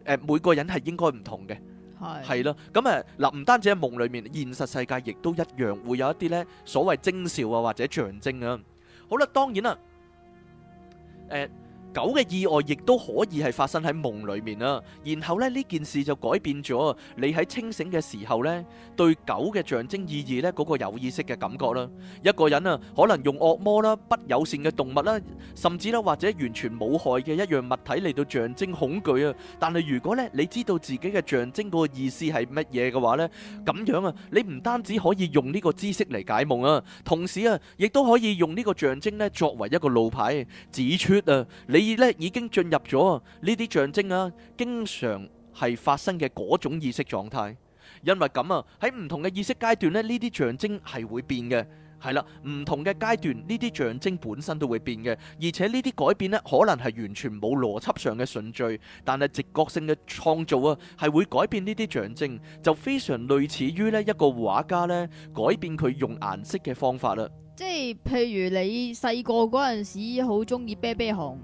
誒每個人係應該唔同嘅。係係咯，咁誒嗱，唔單止喺夢裏面，現實世界亦都一樣會有一啲咧所謂徵兆啊，或者象徵啊，好啦，當然啦、啊，誒、呃。狗嘅意外亦都可以係發生喺夢裏面啦，然後咧呢件事就改變咗你喺清醒嘅時候咧對狗嘅象徵意義咧嗰個有意識嘅感覺啦。一個人啊可能用惡魔啦、不友善嘅動物啦，甚至啦或者完全冇害嘅一樣物體嚟到象徵恐懼啊。但係如果咧你知道自己嘅象徵嗰個意思係乜嘢嘅話咧，咁樣啊你唔單止可以用呢個知識嚟解夢啊，同時啊亦都可以用呢個象徵咧作為一個路牌指出啊你。已經進入咗呢啲象徵啊，經常係發生嘅嗰種意識狀態。因為咁啊喺唔同嘅意識階段咧，呢啲象徵係會變嘅。係啦，唔同嘅階段呢啲象徵本身都會變嘅，而且呢啲改變呢，可能係完全冇邏輯上嘅順序，但係直覺性嘅創造啊係會改變呢啲象徵，就非常類似於咧一個畫家呢改變佢用顏色嘅方法啦，即係譬如你細個嗰陣時好中意啤啤紅。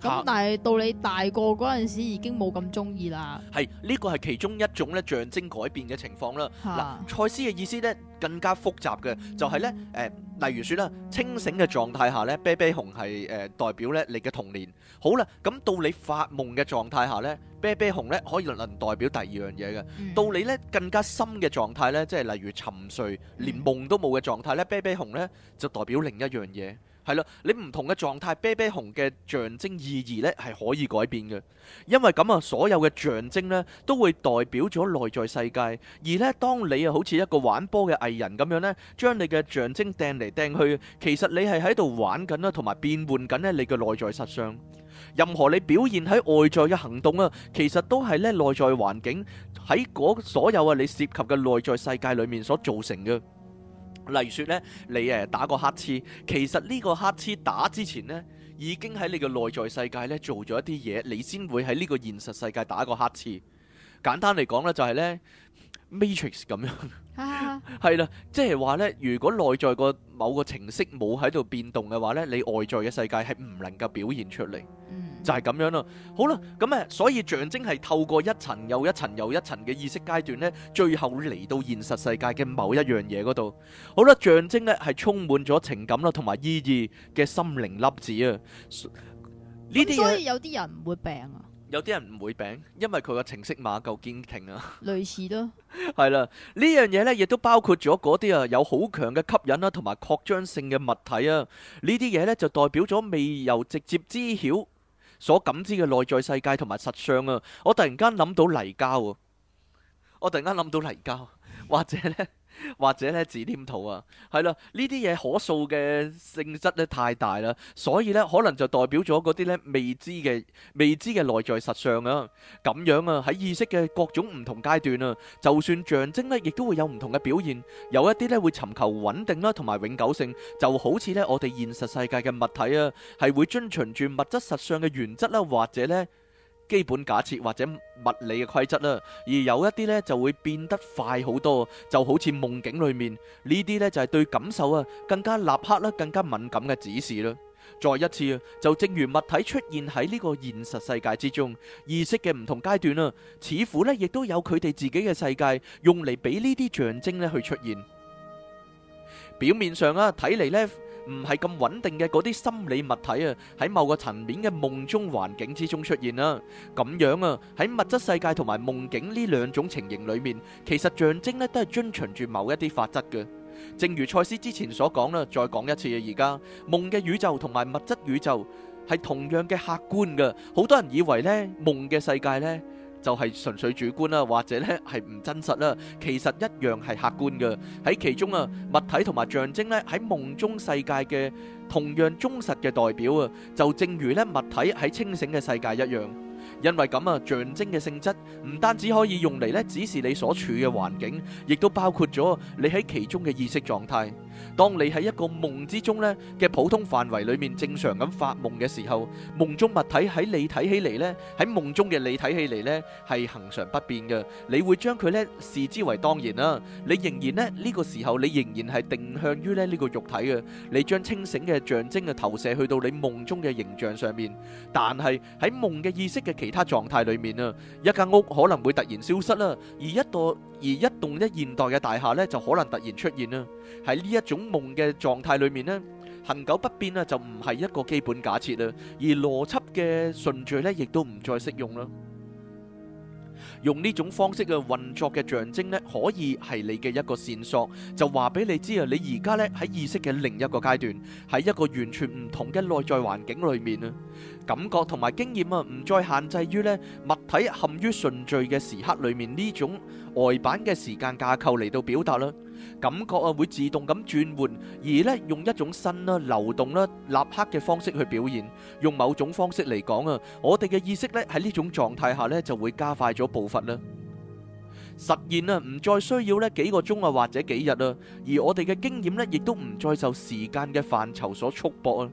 咁但係到你大個嗰陣時已經冇咁中意啦。係呢個係其中一種咧象徵改變嘅情況啦。嗱，賽斯嘅意思咧更加複雜嘅就係咧，誒，例如說啦，清醒嘅狀態下咧，啤啤熊係誒代表咧你嘅童年。好啦，咁到你發夢嘅狀態下咧，啤啤熊咧可以能代表第二樣嘢嘅。到你咧更加深嘅狀態咧，即係例如沉睡連夢都冇嘅狀態咧，啤啤熊咧就代表另一樣嘢。係咯，你唔同嘅狀態，啤啤熊嘅象徵意義咧係可以改變嘅，因為咁啊，所有嘅象徵咧都會代表咗內在世界，而咧當你啊好似一個玩波嘅藝人咁樣咧，將你嘅象徵掟嚟掟去，其實你係喺度玩緊啦，同埋變換緊咧你嘅內在實相，任何你表現喺外在嘅行動啊，其實都係咧內在環境喺嗰所有啊你涉及嘅內在世界裏面所造成嘅。例如說咧，你誒、啊、打個黑刺，其實呢個黑刺打之前呢，已經喺你嘅內在世界呢做咗一啲嘢，你先會喺呢個現實世界打個黑刺。簡單嚟講呢就係呢 Matrix 咁樣。啊！係啦，即係話呢，如果內在個某個程式冇喺度變動嘅話呢，你外在嘅世界係唔能夠表現出嚟。 就係咁樣咯，好啦，咁啊，所以象徵係透過一層又一層又一層嘅意識階段咧，最後嚟到現實世界嘅某一樣嘢嗰度，好啦，象徵咧係充滿咗情感啦，同埋意義嘅心靈粒子啊，呢啲所以有啲人唔會病啊，有啲人唔會病，因為佢個程式碼夠堅挺啊，類似咯，係啦，呢樣嘢咧亦都包括咗嗰啲啊有好強嘅吸引啦，同埋擴張性嘅物體啊，呢啲嘢咧就代表咗未由直接知曉。所感知嘅內在世界同埋實相啊！我突然間諗到泥膠啊！我突然間諗到泥膠，或者呢。或者咧自舔肚啊，係啦，呢啲嘢，可數嘅性質咧太大啦，所以咧可能就代表咗嗰啲咧未知嘅未知嘅內在實相啊。咁樣啊，喺意識嘅各種唔同階段啊，就算象徵咧，亦都會有唔同嘅表現。有一啲咧會尋求穩定啦，同埋永久性，就好似咧我哋現實世界嘅物體啊，係會遵循住物質實相嘅原則啦，或者咧。基本假設或者物理嘅規則啦，而有一啲呢就會變得快好多，就好似夢境裏面呢啲呢就係對感受啊更加立刻啦，更加敏感嘅指示啦。再一次啊，就正如物體出現喺呢個現實世界之中，意識嘅唔同階段啦，似乎呢亦都有佢哋自己嘅世界用嚟俾呢啲象徵呢去出現。表面上啊，睇嚟呢。唔係咁穩定嘅嗰啲心理物體啊，喺某個層面嘅夢中環境之中出現啦。咁樣啊，喺物質世界同埋夢境呢兩種情形裏面，其實象徵呢都係遵循住某一啲法則嘅。正如賽斯之前所講啦，再講一次啊，而家夢嘅宇宙同埋物質宇宙係同樣嘅客觀噶。好多人以為呢夢嘅世界呢，就係純粹主觀啦，或者咧係唔真實啦，其實一樣係客觀嘅，喺其中啊，物體同埋象徵咧喺夢中世界嘅同樣忠實嘅代表啊，就正如咧物體喺清醒嘅世界一樣，因為咁啊象徵嘅性質唔單止可以用嚟咧指示你所處嘅環境，亦都包括咗你喺其中嘅意識狀態。當你喺一個夢之中呢嘅普通範圍裏面正常咁發夢嘅時候，夢中物體喺你睇起嚟，呢，喺夢中嘅你睇起嚟呢係恒常不變嘅，你會將佢呢視之為當然啦。你仍然呢，呢個時候，你仍然係定向於呢呢個肉體嘅，你將清醒嘅象徵啊投射去到你夢中嘅形象上面。但係喺夢嘅意識嘅其他狀態裏面啊，一間屋可能會突然消失啦，而一座而一棟一現代嘅大廈呢就可能突然出現啦。喺呢一種夢嘅狀態裏面咧，恆久不變咧就唔係一個基本假設啦，而邏輯嘅順序咧亦都唔再適用啦。用呢種方式嘅運作嘅象徵咧，可以係你嘅一個線索，就話俾你知啊，你而家咧喺意識嘅另一個階段，喺一個完全唔同嘅內在環境裏面啊，感覺同埋經驗啊，唔再限制於咧物體陷於順序嘅時刻裏面呢種外版嘅時間架構嚟到表達啦。感覺啊會自動咁轉換，而咧用一種新啦、流動啦、立刻嘅方式去表現，用某種方式嚟講啊，我哋嘅意識咧喺呢種狀態下咧就會加快咗步伐啦，實現啊唔再需要咧幾個鐘啊或者幾日啦，而我哋嘅經驗咧亦都唔再受時間嘅範疇所束縛啊。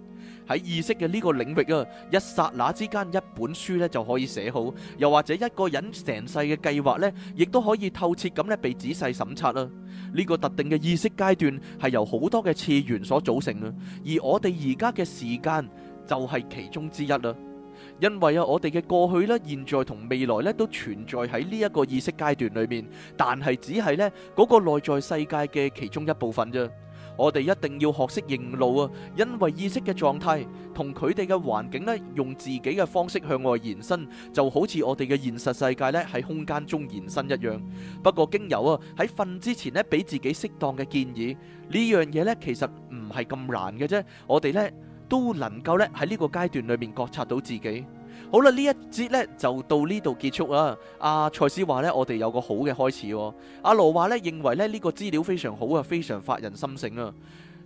喺意識嘅呢個領域啊，一剎那之間，一本書呢就可以寫好，又或者一個人成世嘅計劃呢，亦都可以透徹咁咧被仔細審察啦。呢、這個特定嘅意識階段係由好多嘅次元所組成啊，而我哋而家嘅時間就係其中之一啦。因為啊，我哋嘅過去啦、現在同未來呢，都存在喺呢一個意識階段裏面，但係只係呢嗰個內在世界嘅其中一部分啫。我哋一定要學識認路啊，因為意識嘅狀態同佢哋嘅環境咧，用自己嘅方式向外延伸，就好似我哋嘅現實世界咧，喺空間中延伸一樣。不過經由啊，喺瞓之前呢，俾自己適當嘅建議，呢樣嘢呢，其實唔係咁難嘅啫。我哋呢，都能夠咧喺呢個階段裏面覺察到自己。好啦，呢一節咧就到呢度結束啦。阿賽斯話咧，我哋有個好嘅開始、哦。阿、啊、羅話咧，認為咧呢個資料非常好啊，非常發人心省啊。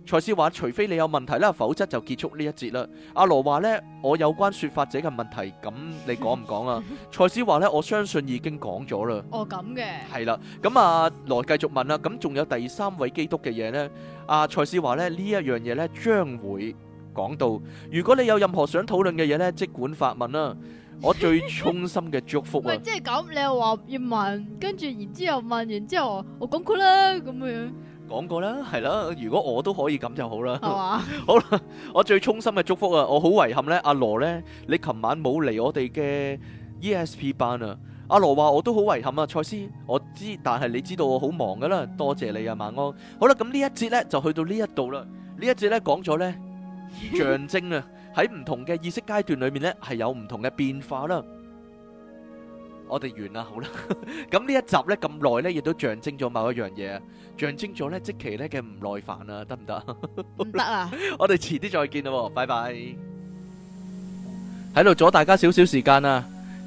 賽斯話，除非你有問題啦，否則就結束一節、啊、呢一節啦。阿羅話咧，我有關說法者嘅問題，咁你講唔講啊？賽斯話咧，我相信已經講咗啦。哦， 咁嘅、啊。係啦，咁啊羅繼續問啦，咁仲有第三位基督嘅嘢咧？阿賽斯話咧，呢一樣嘢咧將會。講到，如果你有任何想討論嘅嘢咧，即管發問啦。我最衷心嘅祝福啊。唔係，即係咁，你又話要問，跟住然之後問完之後，我講過啦咁嘅樣。講過啦，係啦。如果我都可以咁就好啦，吧 好嘛，我最衷心嘅祝福啊，我好遺憾咧啊，阿羅咧，你琴晚冇嚟我哋嘅 E S P 班啊。阿羅話我都好遺憾啊，賽斯，我知，但係你知道我好忙噶啦。多謝你啊，晚安。好啦，咁呢一節咧就去到呢一度啦。呢一節咧講咗咧。象徵啊，喺唔同嘅意識階段裏面咧，係有唔同嘅變化啦。我哋完啦，好啦。咁呢一集咧咁耐咧，亦都象徵咗某一樣嘢，象徵咗咧即期咧嘅唔耐煩啊，得唔得啊？唔得啊！我哋遲啲再見啦，拜拜。喺度阻大家少少時間啊！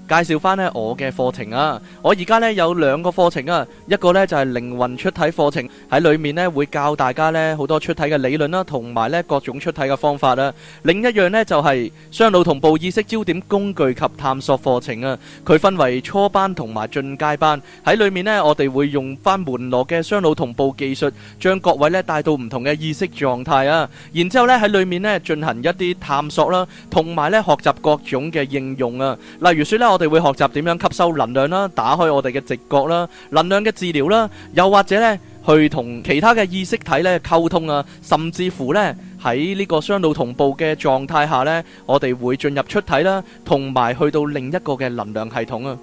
介紹翻呢我嘅課程啊！我而家呢有兩個課程啊，一個呢就係靈魂出體課程，喺裏面呢會教大家呢好多出體嘅理論啦，同埋呢各種出體嘅方法啊。另一樣呢就係雙腦同步意識焦點工具及探索課程啊，佢分為初班同埋進階班。喺裏面呢，我哋會用翻門羅嘅雙腦同步技術，將各位呢帶到唔同嘅意識狀態啊。然之後呢喺裏面呢進行一啲探索啦，同埋呢學習各種嘅應用啊。例如説呢我，我哋會學習點樣吸收能量啦，打開我哋嘅直覺啦，能量嘅治療啦，又或者呢去同其他嘅意識體呢溝通啊，甚至乎呢喺呢個雙腦同步嘅狀態下呢，我哋會進入出體啦，同埋去到另一個嘅能量系統啊。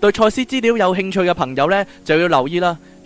對賽斯資料有興趣嘅朋友呢，就要留意啦。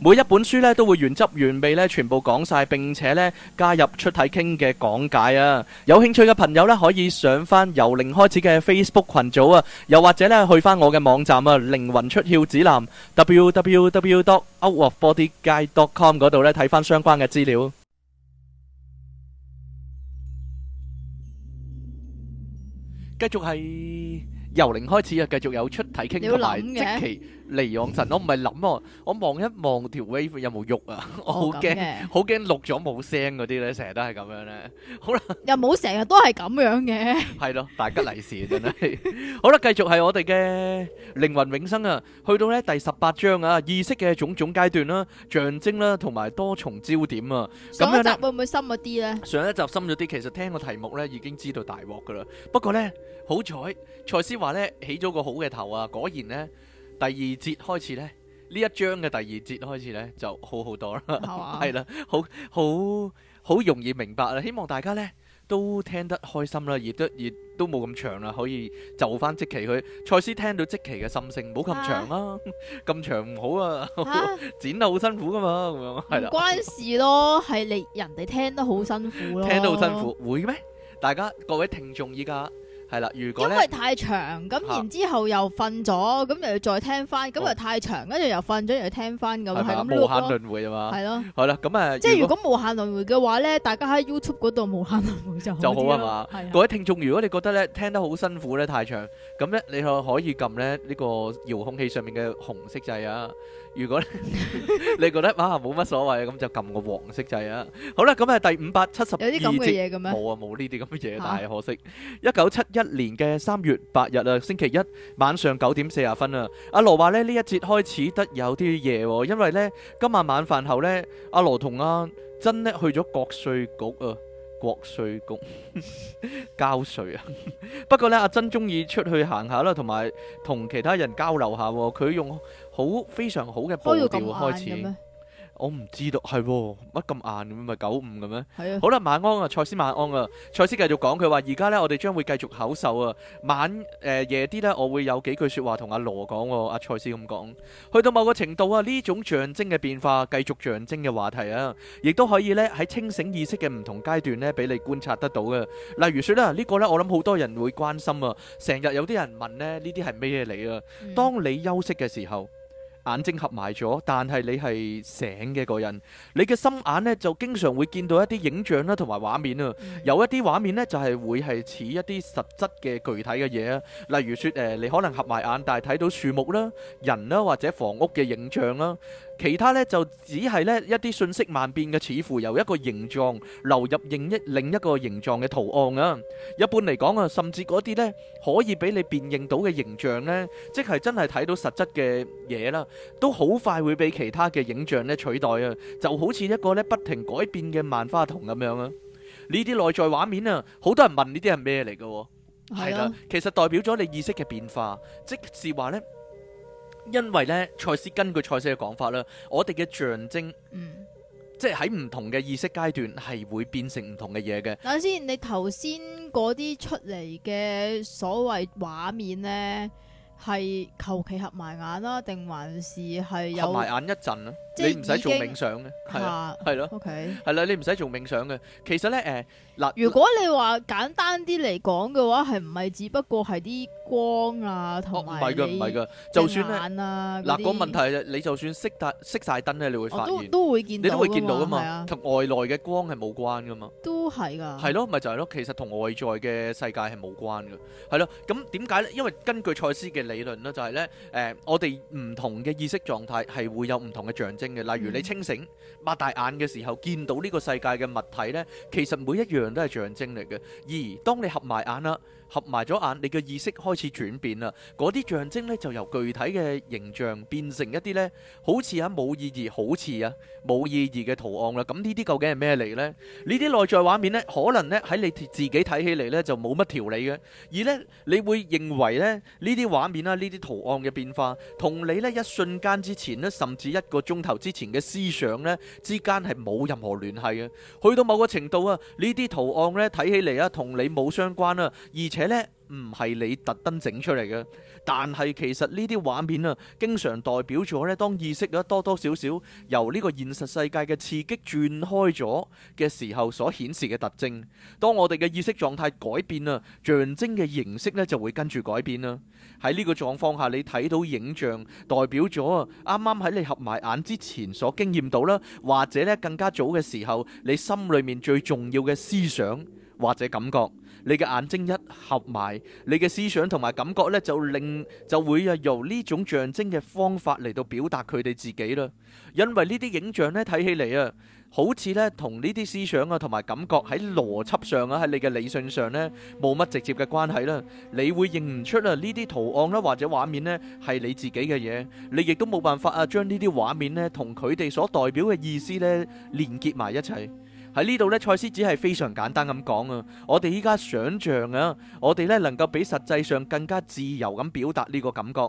每一本書咧都會原汁原味咧全部講晒，並且咧加入出體傾嘅講解啊！有興趣嘅朋友咧可以上翻由零開始嘅 Facebook 群組啊，又或者咧去翻我嘅網站啊，靈魂出竅指南 www.outofbodyguide.com 嗰度咧睇翻相關嘅資料。繼續係由零開始啊！繼續有出體傾同埋嚟養神，我唔係諗啊！我望一望條 wave 有冇喐啊！我好驚，好驚錄咗冇聲嗰啲咧，成日都係咁樣咧。好啦，又冇成日都係咁樣嘅。係咯，大吉利是真係。好啦，繼續係我哋嘅靈魂永生啊！去到咧第十八章啊，意識嘅種種階段啦，象徵啦，同埋多重焦點啊。咁一集會唔會深咗啲咧？上一集深咗啲，其實聽個題目咧已經知道大鑊噶啦。不過咧，好彩蔡思華咧起咗個好嘅頭啊！果然咧。第二節開始咧，呢一章嘅第二節開始咧就好好多啦，係啦吧， 好好好容易明白啦。希望大家咧都聽得開心啦，亦都亦都冇咁長啦，可以就翻即期去。賽斯聽到即期嘅心聲，唔好咁長啦、啊，咁、啊、 長唔好啊，剪、啊、 得好辛苦噶嘛，咁樣係啦，唔關事咯，係你人哋聽得好辛苦咯， 聽得好辛苦會咩？大家各位聽眾依家。係啦，因為太長，咁然之後，後又瞓咗，咁、啊、又要再聽翻，咁、哦、又太長，跟住又瞓咗，又要聽翻咁，係咁無限輪迴啊嘛，係咯，係啦，咁啊，即係如，如果無限輪迴嘅話咧，大家喺 YouTube 嗰度無限輪迴就好就好係嘛。各位聽眾，如果你覺得咧聽得好辛苦咧太長，咁咧你可可以撳咧呢個遙控器上面嘅紅色掣啊。如果你覺得啊冇乜所謂咁就撳個黃色掣啦。好啦，咁啊第五百七十二有啲咁嘅嘢嘅咩？冇啊，冇呢啲咁嘅嘢，但係可惜。一九七一年嘅三月八日啊，星期一晚上九點四十分啊。阿羅話咧呢一節開始得有啲夜喎，因為咧今晚晚飯後咧，阿羅同阿珍咧去咗國稅局啊，國稅局交稅啊。不過咧，阿珍中意出去行下啦，同埋同其他人交流下，佢用。好非常好嘅步調開始，我唔知道係乜咁晏嘅，咪九五嘅咩？係啊，好啦，晚安啊，賽斯晚安啊，賽斯繼續講，佢話而家呢，我哋將會繼續口授啊，晚誒夜啲呢，我會有幾句說話同阿羅講，啊，阿，啊，賽斯咁講，去到某個程度啊，呢種象徵嘅變化，繼續象徵嘅話題啊，亦都可以呢，喺清醒意識嘅唔同階段呢，俾你觀察得到嘅，例如說咧，呢，這個呢，我諗好多人會關心啊，成日有啲人問呢，呢啲係咩嚟啊？當你休息嘅時候。眼睛合埋咗，但係你係醒嘅個人，你嘅心眼呢，就經常會見到一啲影像啦，同埋畫面啊，嗯、有一啲畫面呢，就係、是、會係似一啲實質嘅具體嘅嘢啊，例如説誒、呃，你可能合埋眼，但係睇到樹木啦、人啦或者房屋嘅影像啦。其他咧就只係咧一啲瞬息萬變嘅，似乎由一個形狀流入另一另一個形狀嘅圖案啊。一般嚟講啊，甚至嗰啲咧可以俾你辨認到嘅形象咧，即係真係睇到實質嘅嘢啦，都好快會俾其他嘅影像咧取代啊。就好似一個咧不停改變嘅萬花筒咁樣啊。呢啲內在畫面啊，好多人問呢啲係咩嚟㗎？係啦、啊，其實代表咗你意識嘅變化，即是話咧。因為咧，賽斯根據賽斯嘅講法啦，我哋嘅象徵，嗯、即係喺唔同嘅意識階段係會變成唔同嘅嘢嘅。嗱，先你頭先嗰啲出嚟嘅所謂畫面咧，係求其合埋眼啦，定還是係合埋眼一陣咧？你唔使做冥想嘅，係啊，係咯，OK，係啦，你唔使做冥想嘅。其實咧，誒，嗱，如果你話簡單啲嚟講嘅話，係唔係只不過係啲光啊，同埋唔係噶唔係噶就算眼啊嗱，個問題係你就算熄晒熄晒燈咧，你會發現，都都會見到，你都會見到噶嘛，同外來嘅光係冇關噶嘛，都係噶，係咯，咪就係咯，其實同外在嘅世界係冇關噶，係咯。咁點解咧？因為根據賽斯嘅理論咧，就係咧，誒，我哋唔同嘅意識狀態係會有唔同嘅象徵。例如你清醒擘大眼嘅時候見到呢個世界嘅物體咧，其實每一樣都係象徵嚟嘅。而當你合埋眼啦。合埋咗眼，你嘅意識開始轉變啦。嗰啲象徵呢，就由具體嘅形象變成一啲呢，好似啊冇意義，好似啊冇意義嘅圖案啦。咁呢啲究竟係咩嚟呢？呢啲內在畫面呢，可能呢，喺你自己睇起嚟呢，就冇乜條理嘅，而呢，你會認為呢，呢啲畫面啦、呢啲圖案嘅變化，同你呢，一瞬間之前呢，甚至一個鐘頭之前嘅思想呢，之間係冇任何聯繫嘅。去到某個程度啊，呢啲圖案呢，睇起嚟啊同你冇相關啦，而而且咧唔係你特登整出嚟嘅，但係其實呢啲畫面啊，經常代表咗呢當意識咧多多少少由呢個現實世界嘅刺激轉開咗嘅時候，所顯示嘅特徵。當我哋嘅意識狀態改變啊，象徵嘅形式呢就會跟住改變啦。喺呢個狀況下，你睇到影像代表咗啊，啱啱喺你合埋眼之前所經驗到啦，或者呢更加早嘅時候，你心裏面最重要嘅思想或者感覺。你嘅眼睛一合埋，你嘅思想同埋感覺咧，就令就會啊，由呢種象徵嘅方法嚟到表達佢哋自己啦。因為呢啲影像咧，睇起嚟啊，好似咧同呢啲思想啊，同埋感覺喺邏輯上啊，喺你嘅理性上咧，冇乜直接嘅關係啦。你會認唔出啊呢啲圖案啦，或者畫面咧係你自己嘅嘢，你亦都冇辦法啊將呢啲畫面咧同佢哋所代表嘅意思咧連結埋一齊。喺呢度咧，賽斯只係非常簡單咁講啊！我哋依家想像啊，我哋呢能夠比實際上更加自由咁表達呢個感覺。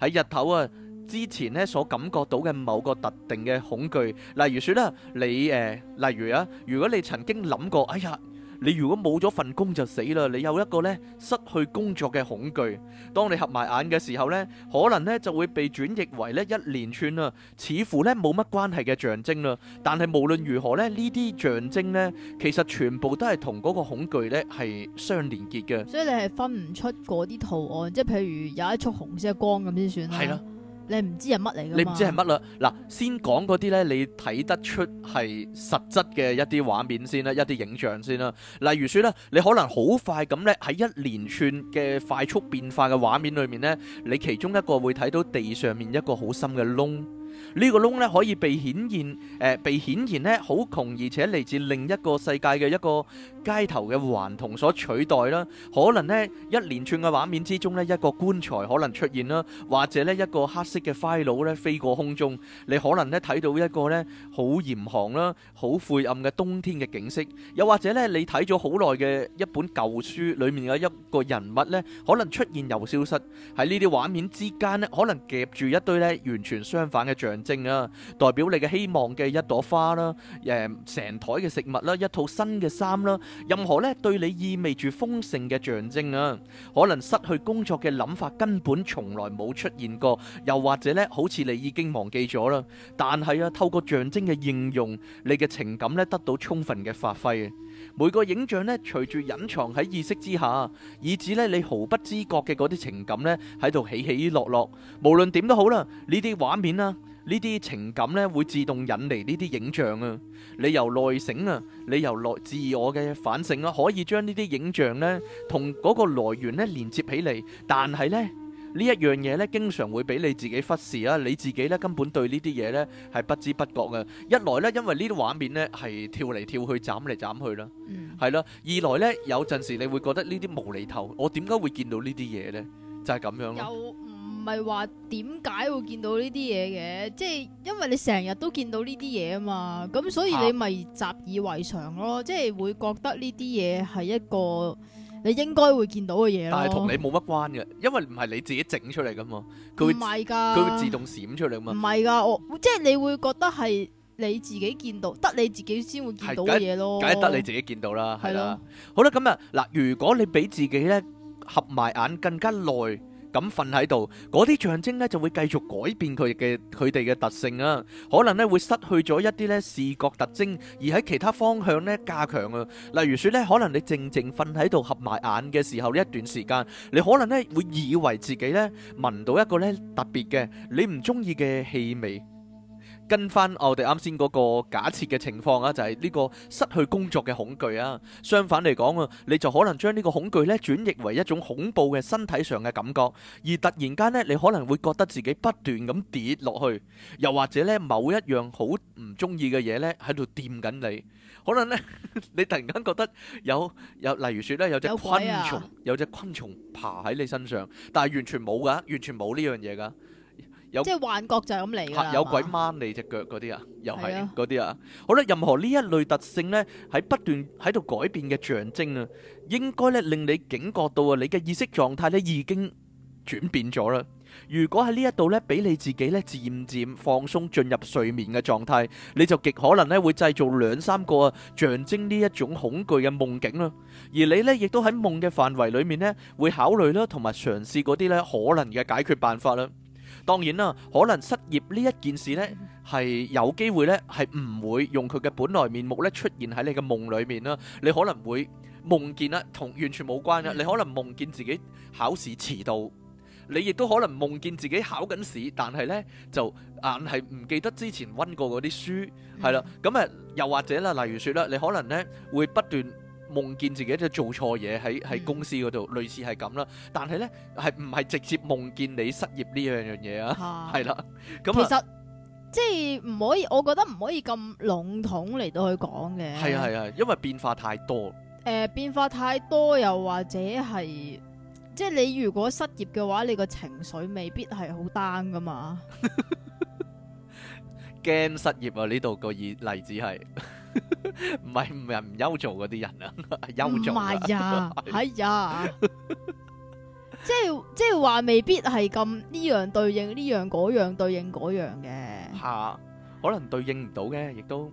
喺日頭啊之前呢所感覺到嘅某個特定嘅恐懼，例如説啦，你誒、呃，例如啊，如果你曾經諗過，哎呀～你如果冇咗份工就死啦！你有一個咧失去工作嘅恐懼。當你合埋眼嘅時候咧，可能咧就會被轉譯為咧一連串啦，似乎咧冇乜關係嘅象徵啦。但係無論如何咧，呢啲象徵咧，其實全部都係同嗰個恐懼咧係相連結嘅。所以你係分唔出嗰啲圖案，即係譬如有一束紅色光咁先算啦。你唔知係乜嚟噶嘛？你唔知係乜啦。嗱，先講嗰啲咧，你睇得出係實質嘅一啲畫面先啦，一啲影像先啦。例如說咧，你可能好快咁咧，喺一連串嘅快速變化嘅畫面裏面咧，你其中一個會睇到地上面一個好深嘅窿。呢個窿咧，可以被顯現，誒、呃，被顯現咧好窮，而且嚟自另一個世界嘅一個街頭嘅頑童所取代啦。可能咧，一連串嘅畫面之中咧，一個棺材可能出現啦，或者咧，一個黑色嘅 file 咧飛過空中，你可能咧睇到一個咧好嚴寒啦、好晦暗嘅冬天嘅景色，又或者咧你睇咗好耐嘅一本舊書，裏面嘅一個人物咧可能出現又消失，喺呢啲畫面之間咧可能夾住一堆咧完全相反嘅。象徵啊，代表你嘅希望嘅一朵花啦，誒、呃，成枱嘅食物啦，一套新嘅衫啦，任何咧對你意味住豐盛嘅象徵啊，可能失去工作嘅諗法根本從來冇出現過，又或者咧好似你已經忘記咗啦，但係啊，透過象徵嘅應用，你嘅情感咧得到充分嘅發揮。每個影像咧，隨住隱藏喺意識之下，以至咧你毫不知覺嘅嗰啲情感咧喺度起起落落，無論點都好啦，呢啲畫面啦、啊，呢啲情感咧會自動引嚟呢啲影像啊，你由內省，啊，你由內自我嘅反省啊，可以將呢啲影像咧同嗰個來源咧連接起嚟，但係咧。呢一樣嘢咧，經常會俾你自己忽視啊！你自己咧根本對呢啲嘢咧係不知不覺嘅。一來咧，因為呢啲畫面咧係跳嚟跳去、斬嚟斬去啦，係咯、嗯；二來咧，有陣時你會覺得呢啲無厘頭，我點解會見到呢啲嘢咧？就係、是、咁樣咯。又唔係話點解會見到呢啲嘢嘅？即係因為你成日都見到呢啲嘢啊嘛，咁所以你咪習以為常咯。即係會覺得呢啲嘢係一個。你應該會見到嘅嘢，但係同你冇乜關嘅，因為唔係你自己整出嚟噶嘛，佢唔係㗎，佢是會自動閃出嚟嘛，唔係㗎，我即係你會覺得係你自己見到，得你自己先會見到嘅嘢咯，梗係得你自己見到啦，係啦的，的好啦，咁啊嗱，如果你俾自己咧合埋眼更加耐。咁瞓喺度，嗰啲象徵咧就會繼續改變佢嘅佢哋嘅特性啊，可能咧會失去咗一啲咧視覺特徵，而喺其他方向咧加強啊。例如説咧，可能你靜靜瞓喺度合埋眼嘅時候呢一段時間，你可能咧會以為自己咧聞到一個咧特別嘅你唔中意嘅氣味。跟翻我哋啱先嗰個假設嘅情況啊，就係呢個失去工作嘅恐懼啊。相反嚟講啊，你就可能將呢個恐懼咧轉譯為一種恐怖嘅身體上嘅感覺，而突然間咧，你可能會覺得自己不斷咁跌落去，又或者咧某一樣好唔中意嘅嘢咧喺度掂緊你，可能咧你突然間覺得有有，例如説咧有隻昆蟲，有隻昆蟲爬喺你身上，但係完全冇㗎，完全冇呢樣嘢㗎。即係幻覺就係咁嚟㗎啦，有鬼掹你隻腳嗰啲啊，又係嗰啲啊。好啦，任何呢一類特性咧，喺不斷喺度改變嘅象徵啊，應該咧令你警覺到啊，你嘅意識狀態咧已經轉變咗啦。如果喺呢一度咧，俾你自己咧漸漸放鬆進入睡眠嘅狀態，你就極可能咧會製造兩三個啊象徵呢一種恐懼嘅夢境啦。而你咧亦都喺夢嘅範圍裡面咧，會考慮啦同埋嘗試嗰啲咧可能嘅解決辦法啦。當然啦，可能失業呢一件事咧，係有機會咧，係唔會用佢嘅本來面目咧出現喺你嘅夢裏面啦。你可能會夢見啦，同完全冇關嘅。你可能夢見自己考試遲到，你亦都可能夢見自己考緊試，但係咧就眼硬係唔記得之前溫過嗰啲書，係啦。咁誒，又或者啦，例如説啦，你可能咧會不斷。夢見自己都做錯嘢喺喺公司嗰度，類似係咁啦。但係咧，係唔係直接夢見你失業呢樣樣嘢啊？係啦，咁其實即係唔可以，我覺得唔可以咁籠統嚟到去講嘅。係啊係啊，因為變化太多。誒，變化太多又或者係，即係你如果失業嘅話，你個情緒未必係好 down 噶嘛。驚失業啊！呢度個例例子係。唔係唔係唔休做嗰啲人啊，休做啊。唔係啊，哎呀，即係即係話未必係咁呢樣對應呢樣嗰樣對應嗰樣嘅，係啊，可能對應唔到嘅，亦都。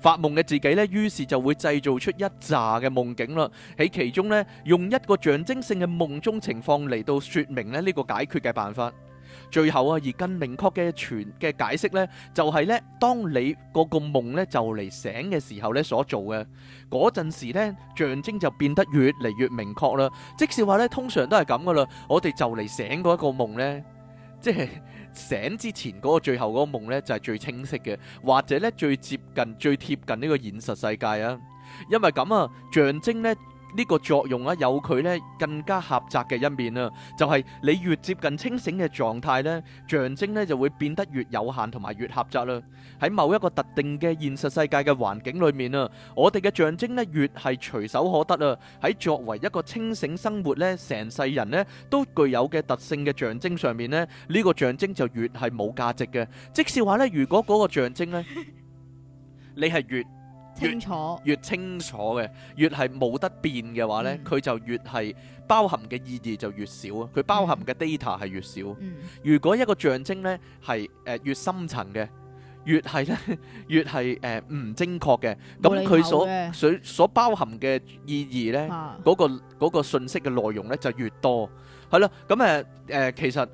發夢嘅自己呢，於是就會製造出一詐嘅夢境啦。喺其中呢，用一個象徵性嘅夢中情況嚟到說明呢呢個解決嘅辦法。最後啊，而更明確嘅全嘅解釋呢，就係呢：當你嗰個夢呢就嚟醒嘅時候呢，所做嘅嗰陣時呢，象徵就變得越嚟越明確啦。即是話呢，通常都係咁噶啦。我哋就嚟醒嗰一個夢呢，即係。醒之前嗰個最後嗰個夢呢，就係最清晰嘅，或者呢最接近、最貼近呢個現實世界啊！因為咁啊，象徵呢。呢個作用啊，有佢咧更加狹窄嘅一面啦，就係、是、你越接近清醒嘅狀態咧，象徵咧就會變得越有限同埋越狹窄啦。喺某一個特定嘅現實世界嘅環境裏面啊，我哋嘅象徵咧越係隨手可得啊。喺作為一個清醒生活咧，成世人咧都具有嘅特性嘅象徵上面咧，呢、這個象徵就越係冇價值嘅。即係話咧，如果嗰個象徵咧，你係越。越越清楚嘅，越係冇得變嘅話咧，佢、嗯、就越係包含嘅意義就越少啊！佢包含嘅 data 係越少。嗯、如果一個象徵咧係誒越深層嘅，越係咧越係誒唔精確嘅，咁、呃、佢所所所，所包含嘅意義咧，嗰、啊嗰個、嗰個信息嘅內容咧就越多。係咯，咁誒誒，其實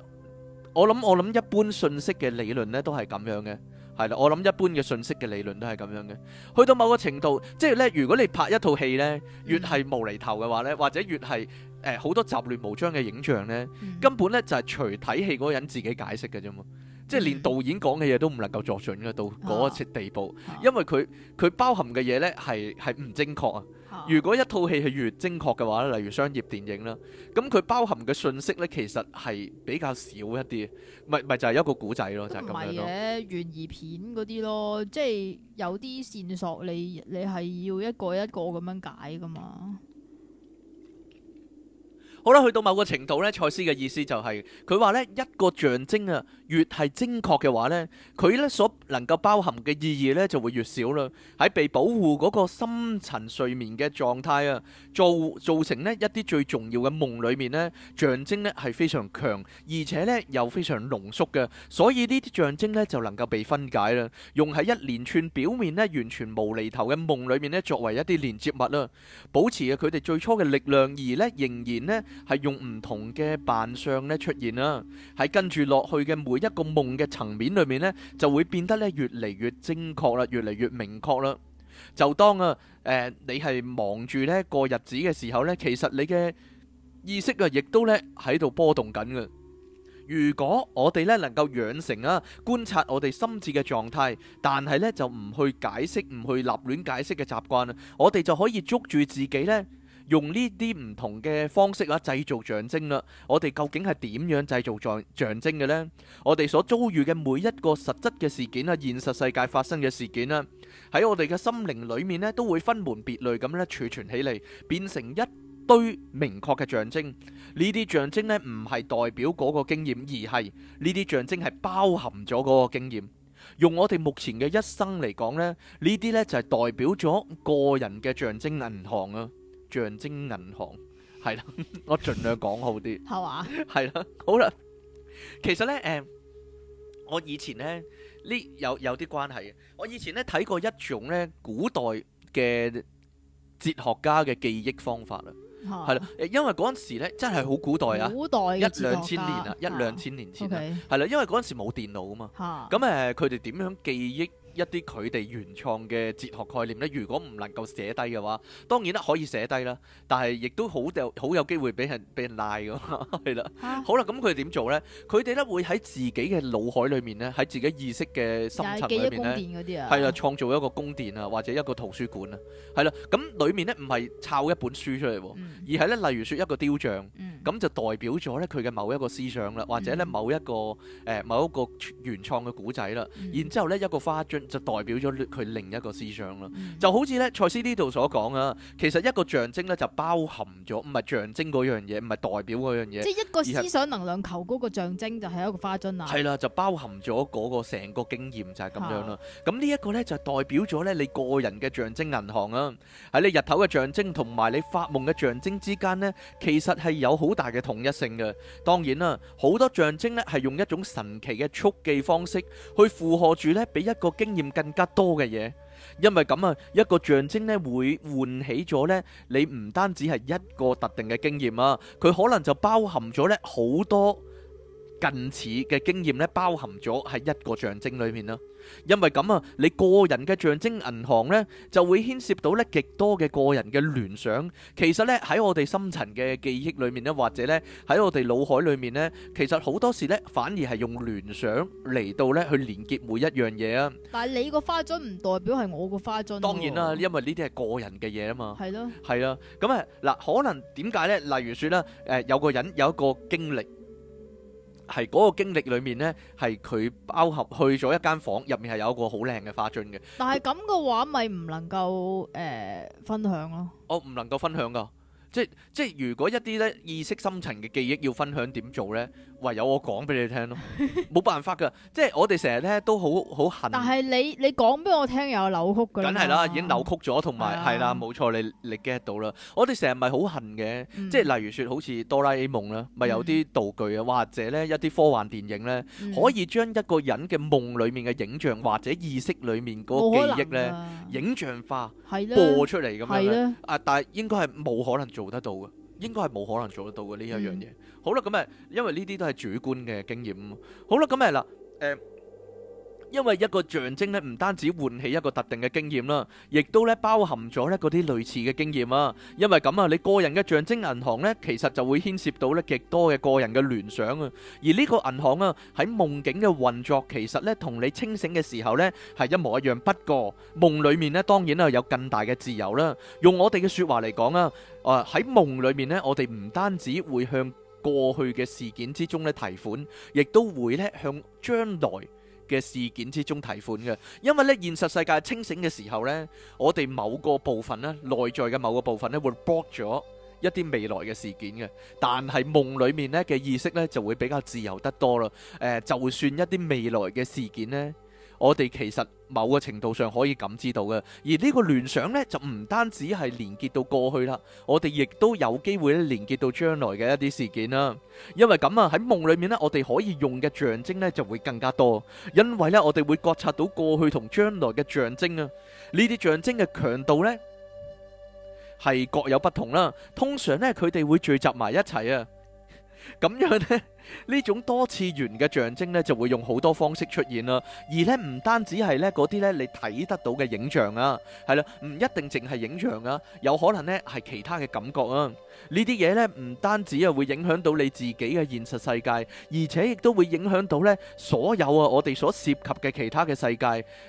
我諗我諗一般信息嘅理論咧都係咁樣嘅。係啦，我諗一般嘅信息嘅理論都係咁樣嘅。去到某個程度，即係咧，如果你拍一套戲咧，嗯、越係無厘頭嘅話咧，或者越係誒好多雜亂無章嘅影像咧，嗯、根本咧就係、是、隨睇戲嗰個人自己解釋嘅啫嘛。嗯、即係連導演講嘅嘢都唔能夠作準嘅到嗰個地步，啊、因為佢佢包含嘅嘢咧係係唔正確啊。如果一套戲係越精確嘅話咧，例如商業電影啦，咁佢包含嘅信息咧，其實係比較少一啲，咪係就係一個古仔咯，就係、是、咁樣嘅，懸疑片嗰啲咯，即係有啲線索你，你你係要一個一個咁樣解噶嘛。好啦，去到某個程度咧，賽斯嘅意思就係、是，佢話咧一個象徵啊。越係精確嘅話咧，佢咧所能夠包含嘅意義咧就會越少啦。喺被保護嗰個深層睡眠嘅狀態啊，造造成咧一啲最重要嘅夢裏面咧，象徵咧係非常強，而且咧又非常濃縮嘅，所以呢啲象徵咧就能夠被分解啦，用喺一連串表面咧完全無厘頭嘅夢裏面咧作為一啲連接物啦，保持啊佢哋最初嘅力量，而咧仍然咧係用唔同嘅扮相咧出現啦，係跟住落去嘅每一個夢嘅層面裏面呢，就會變得咧越嚟越精確啦，越嚟越明確啦。就當啊誒、呃，你係忙住咧過日子嘅時候呢，其實你嘅意識啊，亦都呢喺度波動緊嘅。如果我哋呢能夠養成啊觀察我哋心智嘅狀態，但係呢就唔去解釋、唔去立亂解釋嘅習慣啊，我哋就可以捉住自己呢。用呢啲唔同嘅方式啊，製造象徵啦。我哋究竟係點樣製造象象徵嘅呢？我哋所遭遇嘅每一個實質嘅事件啊，現實世界發生嘅事件啦，喺我哋嘅心靈裏面呢，都會分門別類咁咧儲存起嚟，變成一堆明確嘅象徵。呢啲象徵呢，唔係代表嗰個經驗，而係呢啲象徵係包含咗嗰個經驗。用我哋目前嘅一生嚟講呢，呢啲呢就係代表咗個人嘅象徵銀行啊。象徵銀行係啦，我盡量講好啲係話，係啦，好啦，其實咧，誒，我以前咧呢有有啲關係嘅，我以前咧睇過一種咧古代嘅哲學家嘅記憶方法啦，係啦，因為嗰陣時咧真係好古代啊，古代一兩千年啊，一兩千年前啊，係啦，因為嗰陣時冇電腦啊嘛，咁誒，佢哋點樣記憶？一啲佢哋原創嘅哲學概念咧，如果唔能夠寫低嘅話，當然啦可以寫低啦，但係亦都好有好有機會俾人俾人賴㗎，係啦。好啦，咁佢點做咧？佢哋咧會喺自己嘅腦海裏面咧，喺自己意識嘅深層裏面咧，係啊，創造一個宮殿啊，或者一個圖書館啊，係啦。咁裏面咧唔係抄一本書出嚟，而係咧例如說一個雕像，咁就代表咗咧佢嘅某一個思想啦，或者咧某一個誒某一個原創嘅古仔啦。然之後咧一個花樽。就代表咗佢另一個思想啦，嗯、就好似咧賽斯呢度所講啊，其實一個象徵咧就包含咗，唔係象徵嗰樣嘢，唔係代表嗰樣嘢。即係一個思想能量球嗰個象徵就係一個花樽啊。係啦，就包含咗嗰個成個經驗就係咁樣啦。咁、啊、呢一個咧就代表咗咧你個人嘅象徵銀行啊，喺你日頭嘅象徵同埋你發夢嘅象徵之間咧，其實係有好大嘅統一性嘅。當然啦，好多象徵咧係用一種神奇嘅速記方式去負荷住咧，俾一個經更加多嘅嘢，因為咁啊，一個象徵咧會喚起咗咧，你唔單止係一個特定嘅經驗啊，佢可能就包含咗咧好多。近似嘅經驗咧，包含咗喺一個象徵裏面啦。因為咁啊，你個人嘅象徵銀行咧，就會牽涉到咧極多嘅個人嘅聯想。其實咧喺我哋深層嘅記憶裏面咧，或者咧喺我哋腦海裏面咧，其實好多時咧反而係用聯想嚟到咧去連結每一樣嘢啊。但係你個花樽唔代表係我個花樽。當然啦，因為呢啲係個人嘅嘢啊嘛。係咯，係啊。咁啊嗱，可能點解咧？例如說啦，誒有個人有一個經歷。係嗰個經歷裏面呢，係佢包合去咗一間房入面，係有一個好靚嘅花樽嘅。但係咁嘅話，咪唔他能夠誒、呃、分享咯？我唔、哦、能夠分享㗎。即係即係如果一啲咧，意識深層嘅記憶要分享，點做咧？唯有我講俾你聽咯，冇辦法㗎。即係我哋成日咧，都好好恨。但係你你講俾我聽又有扭曲㗎。梗係啦，已經扭曲咗，同埋係啦，冇錯，你你 get 到啦。我哋成日咪好恨嘅，即係例如說好似哆啦 A 夢啦，咪有啲道具啊，或者咧，一啲科幻電影咧，可以將一個人嘅夢裏面嘅影像或者意識裏面個記憶咧，影像化播出嚟。噉樣係啊，但係應該係冇可能做。做得到嘅，應該係冇可能做得到嘅呢一樣嘢。好啦，咁誒，因為呢啲都係主觀嘅經驗。好啦，咁誒，嗱、呃、誒。因為一個象徵咧，唔單止喚起一個特定嘅經驗啦，亦都咧包含咗咧嗰啲類似嘅經驗啊。因為咁啊，你個人嘅象徵銀行咧，其實就會牽涉到咧極多嘅個人嘅聯想啊。而呢個銀行啊，喺夢境嘅運作其實咧同你清醒嘅時候咧係一模一樣，不過夢裏面咧當然啊有更大嘅自由啦。用我哋嘅說話嚟講啊，誒喺夢裏面咧，我哋唔單止會向過去嘅事件之中咧提款，亦都會咧向將來嘅事件之中提款嘅，因為咧現實世界清醒嘅時候咧，我哋某個部分咧內在嘅某個部分咧會 block 咗一啲未來嘅事件嘅，但係夢裏面咧嘅意識咧就會比較自由得多啦。誒，就算一啲未來嘅事件咧。我哋其實某個程度上可以感知到嘅，而呢個聯想呢，就唔單止係連結到過去啦，我哋亦都有機會咧連結到將來嘅一啲事件啦。因為咁啊，喺夢裡面呢，我哋可以用嘅象徵呢就會更加多，因為呢，我哋會覺察到過去同將來嘅象徵啊，呢啲象徵嘅強度呢，係各有不同啦。通常呢，佢哋會聚集埋一齊啊，咁樣呢。呢種多次元嘅象徵呢，就會用好多方式出現啦。而呢唔單止係呢嗰啲咧，你睇得到嘅影像啊，係啦，唔一定淨係影像啊，有可能呢係其他嘅感覺啊。呢啲嘢呢，唔單止係會影響到你自己嘅現實世界，而且亦都會影響到呢所有啊我哋所涉及嘅其他嘅世界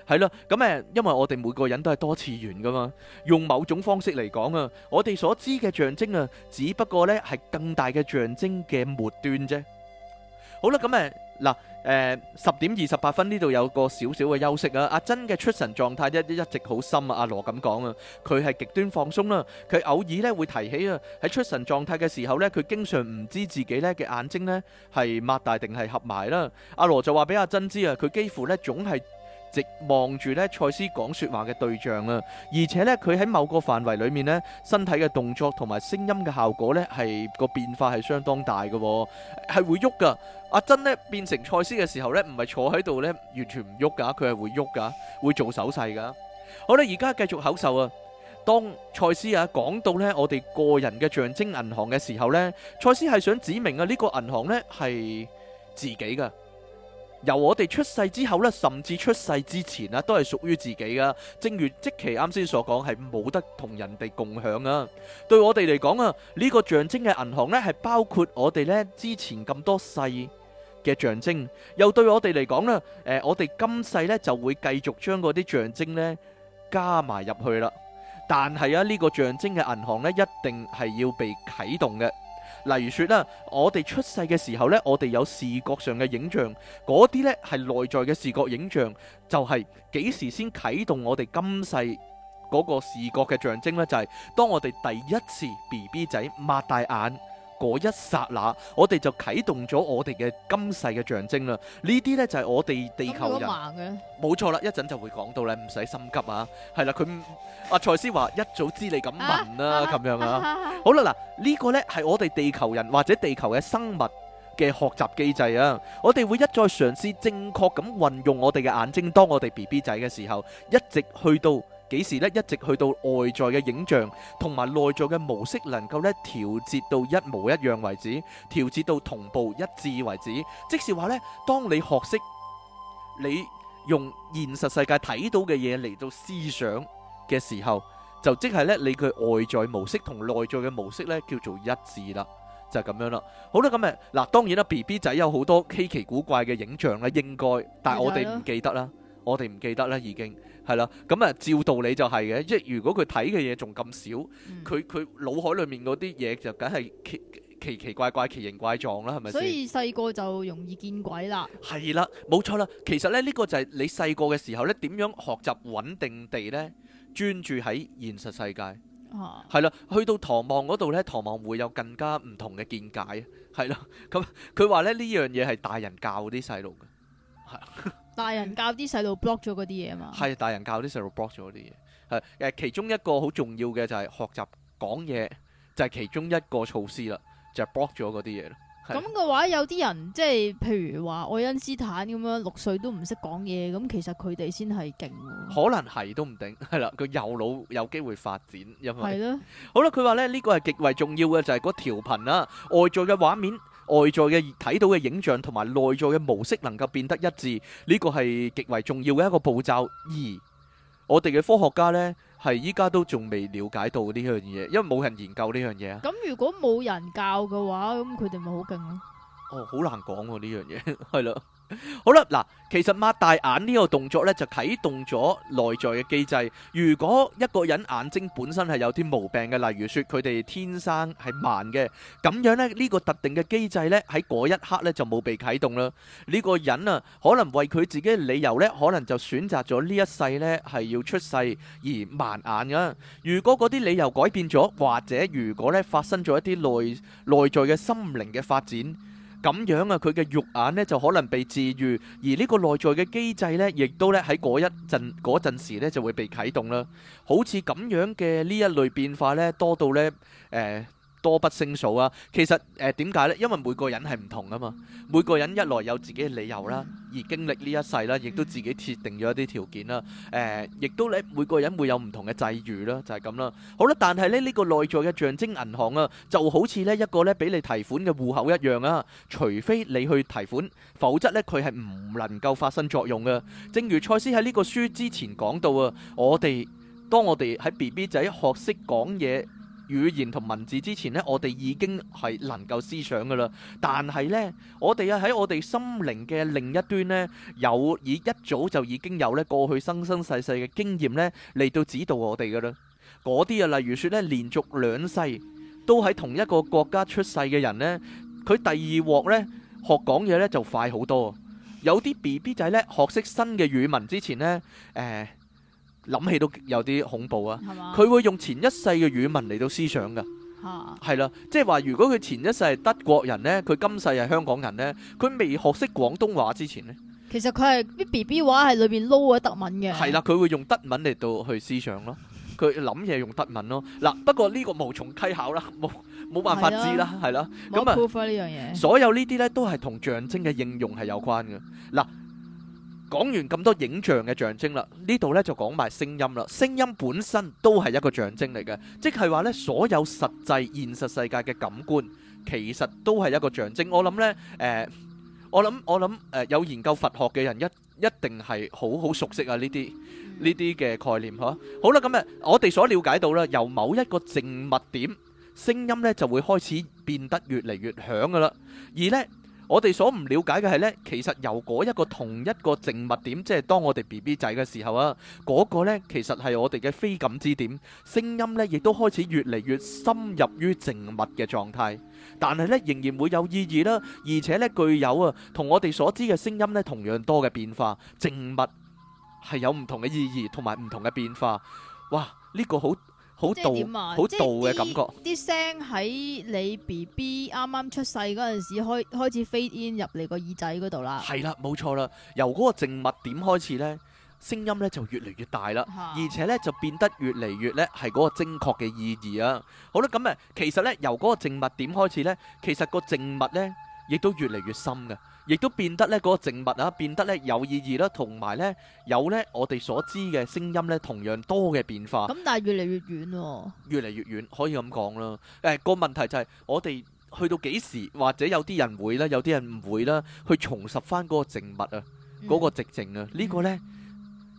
係啦。咁誒，因為我哋每個人都係多次元噶嘛，用某種方式嚟講啊，我哋所知嘅象徵啊，只不過呢係更大嘅象徵嘅末端啫。好啦，咁啊嗱，誒十點二十八分呢度有個少少嘅休息啊。阿珍嘅出神狀態一一直好深啊。阿羅咁講啊，佢係極端放鬆啦。佢偶爾咧會提起啊，喺出神狀態嘅時候咧，佢經常唔知自己咧嘅眼睛咧係擘大定係合埋啦。阿羅就話俾阿珍知啊，佢幾乎咧總係。直望住咧，賽斯講說話嘅對象啊，而且咧佢喺某個範圍裏面咧，身體嘅動作同埋聲音嘅效果咧，係個變化係相當大嘅，係會喐噶阿珍咧變成賽斯嘅時候咧，唔係坐喺度咧，完全唔喐噶佢係會喐噶會做手勢噶好啦，而家繼續口授啊。當賽斯啊講到咧我哋個人嘅象徵銀行嘅時候咧，賽斯係想指明啊呢個銀行咧係自己噶由我哋出世之後咧，甚至出世之前啊，都係屬於自己噶。正如即其啱先所講，係冇得同人哋共享啊。對我哋嚟講啊，呢個象徵嘅銀行咧，係包括我哋咧之前咁多世嘅象徵。又對我哋嚟講啦，誒，我哋今世咧就會繼續將嗰啲象徵咧加埋入去啦。但係啊，呢個象徵嘅銀行咧，一定係要被啟動嘅。例如說啦，我哋出世嘅時候咧，我哋有視覺上嘅影像，嗰啲咧係內在嘅視覺影像，就係幾時先啟動我哋今世嗰個視覺嘅象徵呢？就係當我哋第一次 BB 仔擘大眼。嗰一剎那，我哋就啟動咗我哋嘅今世嘅象徵啦。呢啲呢，就係、是、我哋地球人，冇錯啦。一陣就會講到咧，唔使心急啊。係啦，佢阿、 啊、蔡思話一早知你咁問啦、啊、咁、啊、樣啊。 好啦，嗱、這、呢個呢，係我哋地球人或者地球嘅生物嘅學習機制啊。我哋會一再嘗試正確咁運用我哋嘅眼睛，當我哋 B B 仔嘅時候，一直去到。幾時咧，一直去到外在嘅影像同埋內在嘅模式，能夠咧調節到一模一樣為止，調節到同步一致為止。即是話咧，當你學識你用現實世界睇到嘅嘢嚟到思想嘅時候，就即係咧你嘅外在模式同內在嘅模式咧叫做一致啦，就係咁樣啦。好啦，咁啊嗱，當然啦，BB 仔有好多稀奇古怪嘅影像啦，應該，但我哋唔記得啦，我哋唔記得啦已經。係啦，咁啊照道理就係、是、嘅，即係如果佢睇嘅嘢仲咁少，佢佢腦海裏面嗰啲嘢就梗係奇奇奇怪怪、奇形怪狀啦，係咪？所以細個就容易見鬼啦。係啦，冇錯啦，其實咧呢個就係你細個嘅時候咧，點樣學習穩定地咧專注喺現實世界。哦，係啦，去到唐望嗰度咧，唐望會有更加唔同嘅見解。係啦，咁佢話咧呢樣嘢係大人教啲細路嘅。係 大人教啲細路 block 咗嗰啲嘢啊嘛，係、嗯、大人教啲細路 block 咗啲嘢，係誒其中一個好重要嘅就係學習講嘢，就係、是、其中一個措施啦，就係、是、block 咗嗰啲嘢咯。咁嘅話有啲人即係譬如話愛因斯坦咁樣六歲都唔識講嘢，咁其實佢哋先係勁。可能係都唔定，係啦，佢右腦有機會發展，因為係咯。的 好啦，佢話咧呢、這個係極為重要嘅，就係嗰條頻啊外在嘅畫面。外在嘅睇到嘅影像同埋內在嘅模式能夠變得一致，呢個係極為重要嘅一個步驟。二，我哋嘅科學家咧，係依家都仲未了解到呢樣嘢，因為冇人研究呢樣嘢啊。咁如果冇人教嘅話，咁佢哋咪好勁咯。哦，好難講呢樣嘢係咯，好啦，嗱，其實擘大眼呢個動作咧就啟動咗內在嘅機制。如果一個人眼睛本身係有啲毛病嘅，例如說佢哋天生係盲嘅，咁樣咧呢個特定嘅機制咧喺嗰一刻咧就冇被啟動啦。呢個人啊，可能為佢自己嘅理由咧，可能就選擇咗呢一世咧係要出世而盲眼噶。如果嗰啲理由改變咗，或者如果咧發生咗一啲內內在嘅心靈嘅發展。咁樣啊，佢嘅肉眼呢就可能被治愈，而呢個內在嘅機制呢亦都呢喺嗰一陣嗰陣時咧就會被啟動啦。好似咁樣嘅呢一類變化呢，多到呢，誒、呃。多不勝數啊！其實誒，點、呃、解呢？因為每個人係唔同噶嘛，每個人一來有自己嘅理由啦，而經歷呢一世啦，亦都自己設定咗一啲條件啦，誒、呃，亦都咧，每個人會有唔同嘅際遇啦，就係、是、咁啦。好啦，但係咧，呢、這個內在嘅象徵銀行啊，就好似呢一個咧俾你提款嘅戶口一樣啊。除非你去提款，否則呢，佢係唔能夠發生作用嘅。正如賽斯喺呢個書之前講到啊，我哋當我哋喺 B B 仔學識講嘢。語言同文字之前咧，我哋已經係能夠思想嘅啦。但係咧，我哋啊喺我哋心靈嘅另一端咧，有以一早就已經有咧過去生生世世嘅經驗咧嚟到指導我哋嘅啦。嗰啲啊，例如説咧，連續兩世都喺同一個國家出世嘅人咧，佢第二鑊咧學講嘢咧就快好多。有啲 BB 仔咧，學識新嘅語文之前咧，誒。諗起都有啲恐怖啊！係嘛？佢會用前一世嘅語文嚟到思想噶，係啦，即係話如果佢前一世係德國人咧，佢今世係香港人咧，佢未學識廣東話之前咧，其實佢係啲 BB 話係裏邊撈嗰啲德文嘅，係啦，佢會用德文嚟到去思想咯，佢諗嘢用德文咯。嗱，不過呢個無從稽考啦，冇冇辦法知啦，係啦，咁啊，所有呢啲咧都係同象徵嘅應用係有關嘅，嗱。講完咁多影像嘅象徵啦，呢度呢就講埋聲音啦。聲音本身都係一個象徵嚟嘅，即係話呢所有實際現實世界嘅感官，其實都係一個象徵。我諗呢，誒，我諗我諗誒，有研究佛學嘅人一一定係好好熟悉啊呢啲呢啲嘅概念吓。好啦，咁啊，我哋所了解到啦，由某一個靜物點，聲音呢就會開始變得越嚟越響噶啦，而呢。我哋所唔了解嘅係呢，其實由嗰一個同一個靜默點，即係當我哋 B B 仔嘅時候啊，嗰、嗰個呢其實係我哋嘅非感知點，聲音呢亦都開始越嚟越深入於靜默嘅狀態，但係呢仍然會有意義啦，而且呢，具有啊同我哋所知嘅聲音呢同樣多嘅變化，靜默係有唔同嘅意義同埋唔同嘅變化，哇！呢、呢個好。好道，好道嘅感覺。啲聲喺你 B B 啱啱出世嗰陣時開開始飛 in 入你個耳仔嗰度啦。係啦，冇錯啦。由嗰個靜默點開始呢，聲音呢就越嚟越大啦，而且呢就變得越嚟越呢係嗰個精確嘅意義啊。好啦，咁啊，其實呢，由嗰個靜默點開始呢，其實個靜默呢亦都越嚟越深嘅。亦都變得咧嗰個靜物啊，變得咧有意義啦，同埋咧有咧我哋所知嘅聲音咧，同樣多嘅變化。咁但係越嚟越遠喎。越嚟越遠，可以咁講啦。誒個問題就係我哋去到幾時，或者有啲人會啦，有啲人唔會啦，去重拾翻嗰個靜物啊，嗰個寂靜啊。呢個咧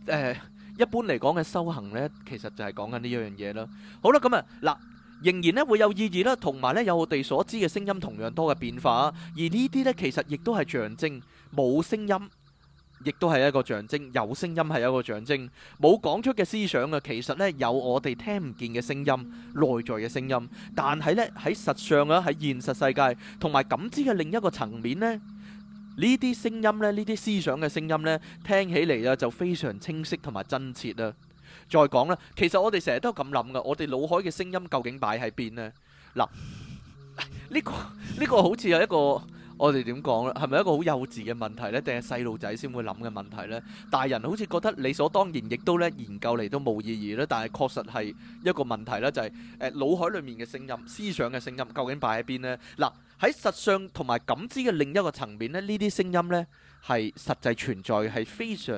誒一般嚟講嘅修行咧，其實就係講緊呢一樣嘢啦。好啦，咁啊嗱。仍然咧會有意義啦，同埋咧有我哋所知嘅聲音同樣多嘅變化，而呢啲咧其實亦都係象徵，冇聲音亦都係一個象徵，有聲音係一個象徵，冇講出嘅思想啊，其實咧有我哋聽唔見嘅聲音，內在嘅聲音，但係咧喺實上啊，喺現實世界同埋感知嘅另一個層面咧，呢啲聲音咧，呢啲思想嘅聲音咧，聽起嚟啊就非常清晰同埋真切啊。再講啦，其實我哋成日都咁諗㗎，我哋腦海嘅聲音究竟擺喺邊呢？嗱，呢個，呢個好似有一個我哋點講咧，係咪一個好幼稚嘅問題呢？定係細路仔先會諗嘅問題呢？大人好似覺得理所當然，亦都咧研究嚟都冇意義咧，但係確實係一個問題咧，就係誒腦海裡面嘅聲音、思想嘅聲音究竟擺喺邊呢？嗱，喺實相同埋感知嘅另一個層面呢，呢啲聲音呢，係實際存在嘅，係非常，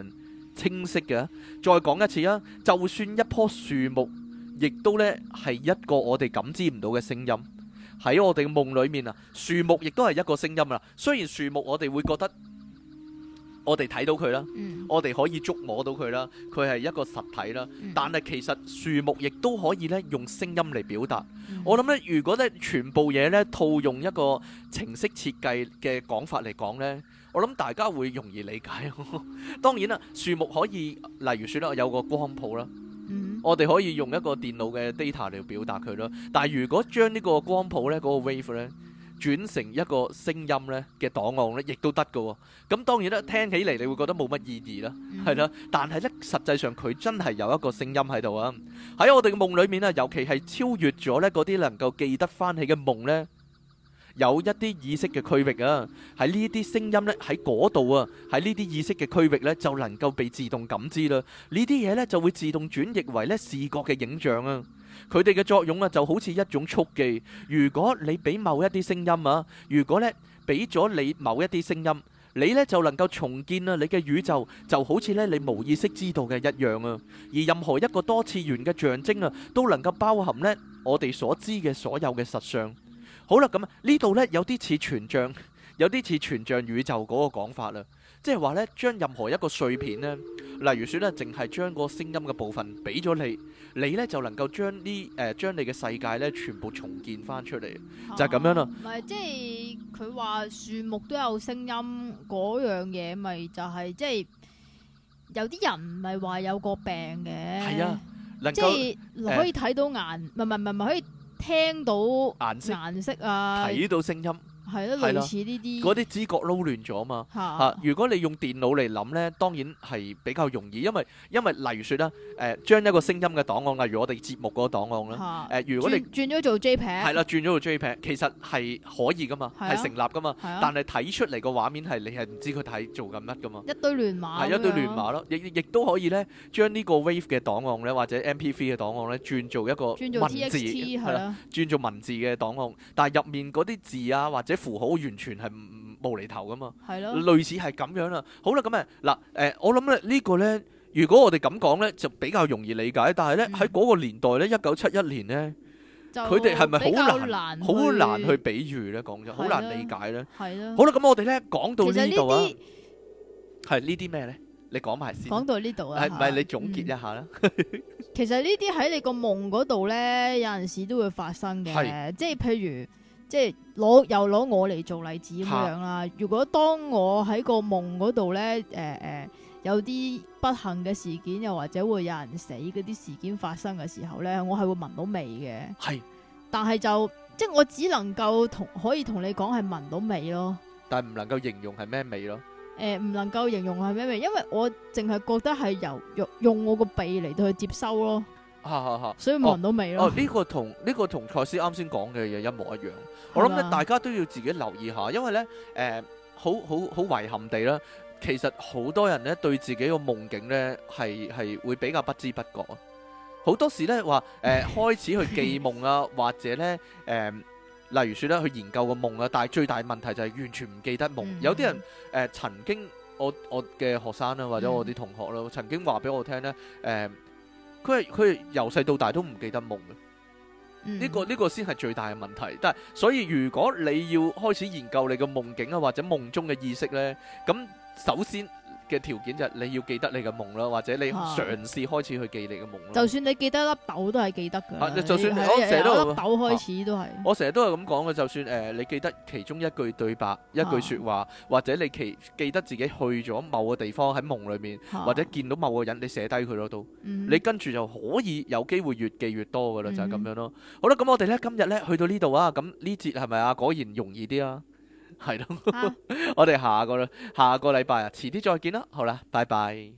清晰嘅，再講一次啊！就算一棵樹木，亦都呢係一個我哋感知唔到嘅聲音。喺我哋夢裡面啊，樹木亦都係一個聲音啦。雖然樹木我哋會覺得我，嗯、我哋睇到佢啦，我哋可以觸摸到佢啦，佢係一個實體啦。但係其實樹木亦都可以呢用聲音嚟表達。我諗呢，如果呢全部嘢呢套用一個程式設計嘅講法嚟講呢。我諗大家會容易理解。當然啦，樹木可以，例如說啦，有個光譜啦，我哋可以用一個電腦嘅 data 嚟表達佢啦。但係如果將呢個光譜呢，嗰個 wave 呢，轉成一個聲音呢嘅檔案呢，亦都得㗎。咁當然啦，聽起嚟你會覺得冇乜意義啦，係啦。但係呢，實際上佢真係有一個聲音喺度啊。喺我哋嘅夢裏面啊，尤其係超越咗呢嗰啲能夠記得翻起嘅夢呢。有一啲意識嘅區域啊，喺呢啲聲音咧，喺嗰度啊，喺呢啲意識嘅區域咧，就能夠被自動感知啦。呢啲嘢咧就會自動轉譯為咧視覺嘅影像啊。佢哋嘅作用啊就好似一種速記。如果你俾某一啲聲音啊，如果咧俾咗你某一啲聲音，你咧就能夠重建啊你嘅宇宙，就好似咧你無意識知道嘅一樣啊。而任何一個多次元嘅象徵啊，都能夠包含咧我哋所知嘅所有嘅實相。好啦，咁啊呢度呢，有啲似全像，有啲似全像宇宙嗰個講法啦，即係話呢，將任何一個碎片呢，例如說呢，淨係將個聲音嘅部分俾咗你，你呢，就能夠將呢，誒、呃、將你嘅世界呢，全部重建翻出嚟，就係、是、咁樣啦。唔係、啊，即係佢話樹木都有聲音，嗰樣嘢咪就係即係有啲人唔係話有個病嘅，係啊，能夠、呃、可以睇到眼，唔係唔係唔係可以。聽到顏色，顏色，顏色啊，睇到聲音。係咯，類似呢啲。嗰啲知覺撈亂咗啊嘛嚇！如果你用電腦嚟諗咧，當然係比較容易，因為因為例如説啦，誒將一個聲音嘅檔案，例如我哋節目嗰個檔案啦，誒如果你轉咗做 JPEG 係啦，轉咗做 JPEG，其實係可以噶嘛，係成立噶嘛，但係睇出嚟個畫面係你係唔知佢睇做緊乜噶嘛，一堆亂碼係一堆亂碼咯，亦亦亦都可以咧，將呢個 wave 嘅檔案咧或者 MP3 嘅檔案咧轉做一個文字係啦，轉做文字嘅檔案，但係入面嗰啲字啊或者。符號完全係唔唔無厘頭噶嘛，係咯，類似係咁樣啦。好啦，咁啊嗱，誒，我諗咧呢個咧，如果我哋咁講咧，就比較容易理解。但係咧喺嗰個年代咧，一九七一年咧，佢哋係咪好難好難去比喻咧？講咗，好難理解咧。係咯。好啦，咁我哋咧講到呢度啊，係呢啲咩咧？你講埋先。講到呢度啊，係唔係你總結一下咧？其實呢啲喺你個夢嗰度咧，有陣時都會發生嘅，係，即係譬如。即係攞又攞我嚟做例子咁樣啦。下如果當我喺個夢嗰度咧，誒、呃、誒、呃，有啲不幸嘅事件，又或者會有人死嗰啲事件發生嘅時候咧，我係會聞到味嘅。係是，但係就即係我只能夠同可以同你講係聞到味咯。但係唔能夠形容係咩味咯？誒、呃，唔能夠形容係咩味，因為我淨係覺得係由用用我個鼻嚟到去接收咯。吓吓吓！哈哈，所以聞到未？咯、哦。哦呢、這個同呢、這個同蔡師啱先講嘅嘢一模一樣。 我諗咧大家都要自己留意下，因為咧誒、呃、好好好遺憾地啦。其實好多人咧對自己個夢境咧係係會比較不知不覺啊。好多時咧話誒開始去記夢啊， 或者咧誒、呃、例如說咧去研究個夢啊，但係最大問題就係完全唔記得夢。 有啲人誒、呃、曾經我我嘅學生啦、啊，或者我啲同學啦，曾經話俾我聽咧誒。呃呃佢佢由細到大都唔記得夢嘅，呢個、嗯、呢個先係最大嘅問題。但係所以如果你要開始研究你嘅夢境啊，或者夢中嘅意識咧，咁首先嘅條件就係你要記得你嘅夢咯，或者你嘗試開始去記你嘅夢咯。就算你記得粒豆都係記得㗎。就算我成日都粒豆開始都係。我成日都係咁講嘅，就算誒你記得其中一句對白，一句説話，或者你記記得自己去咗某個地方喺夢裏面，或者見到某個人，你寫低佢咯都。你跟住就可以有機會越記越多㗎啦，就係咁樣咯。好啦，咁我哋咧今日咧去到呢度啊，咁呢節係咪啊？果然容易啲啊！係咯， 啊、 我哋下個啦，下個禮拜啊，遲啲再見啦，好啦，拜拜。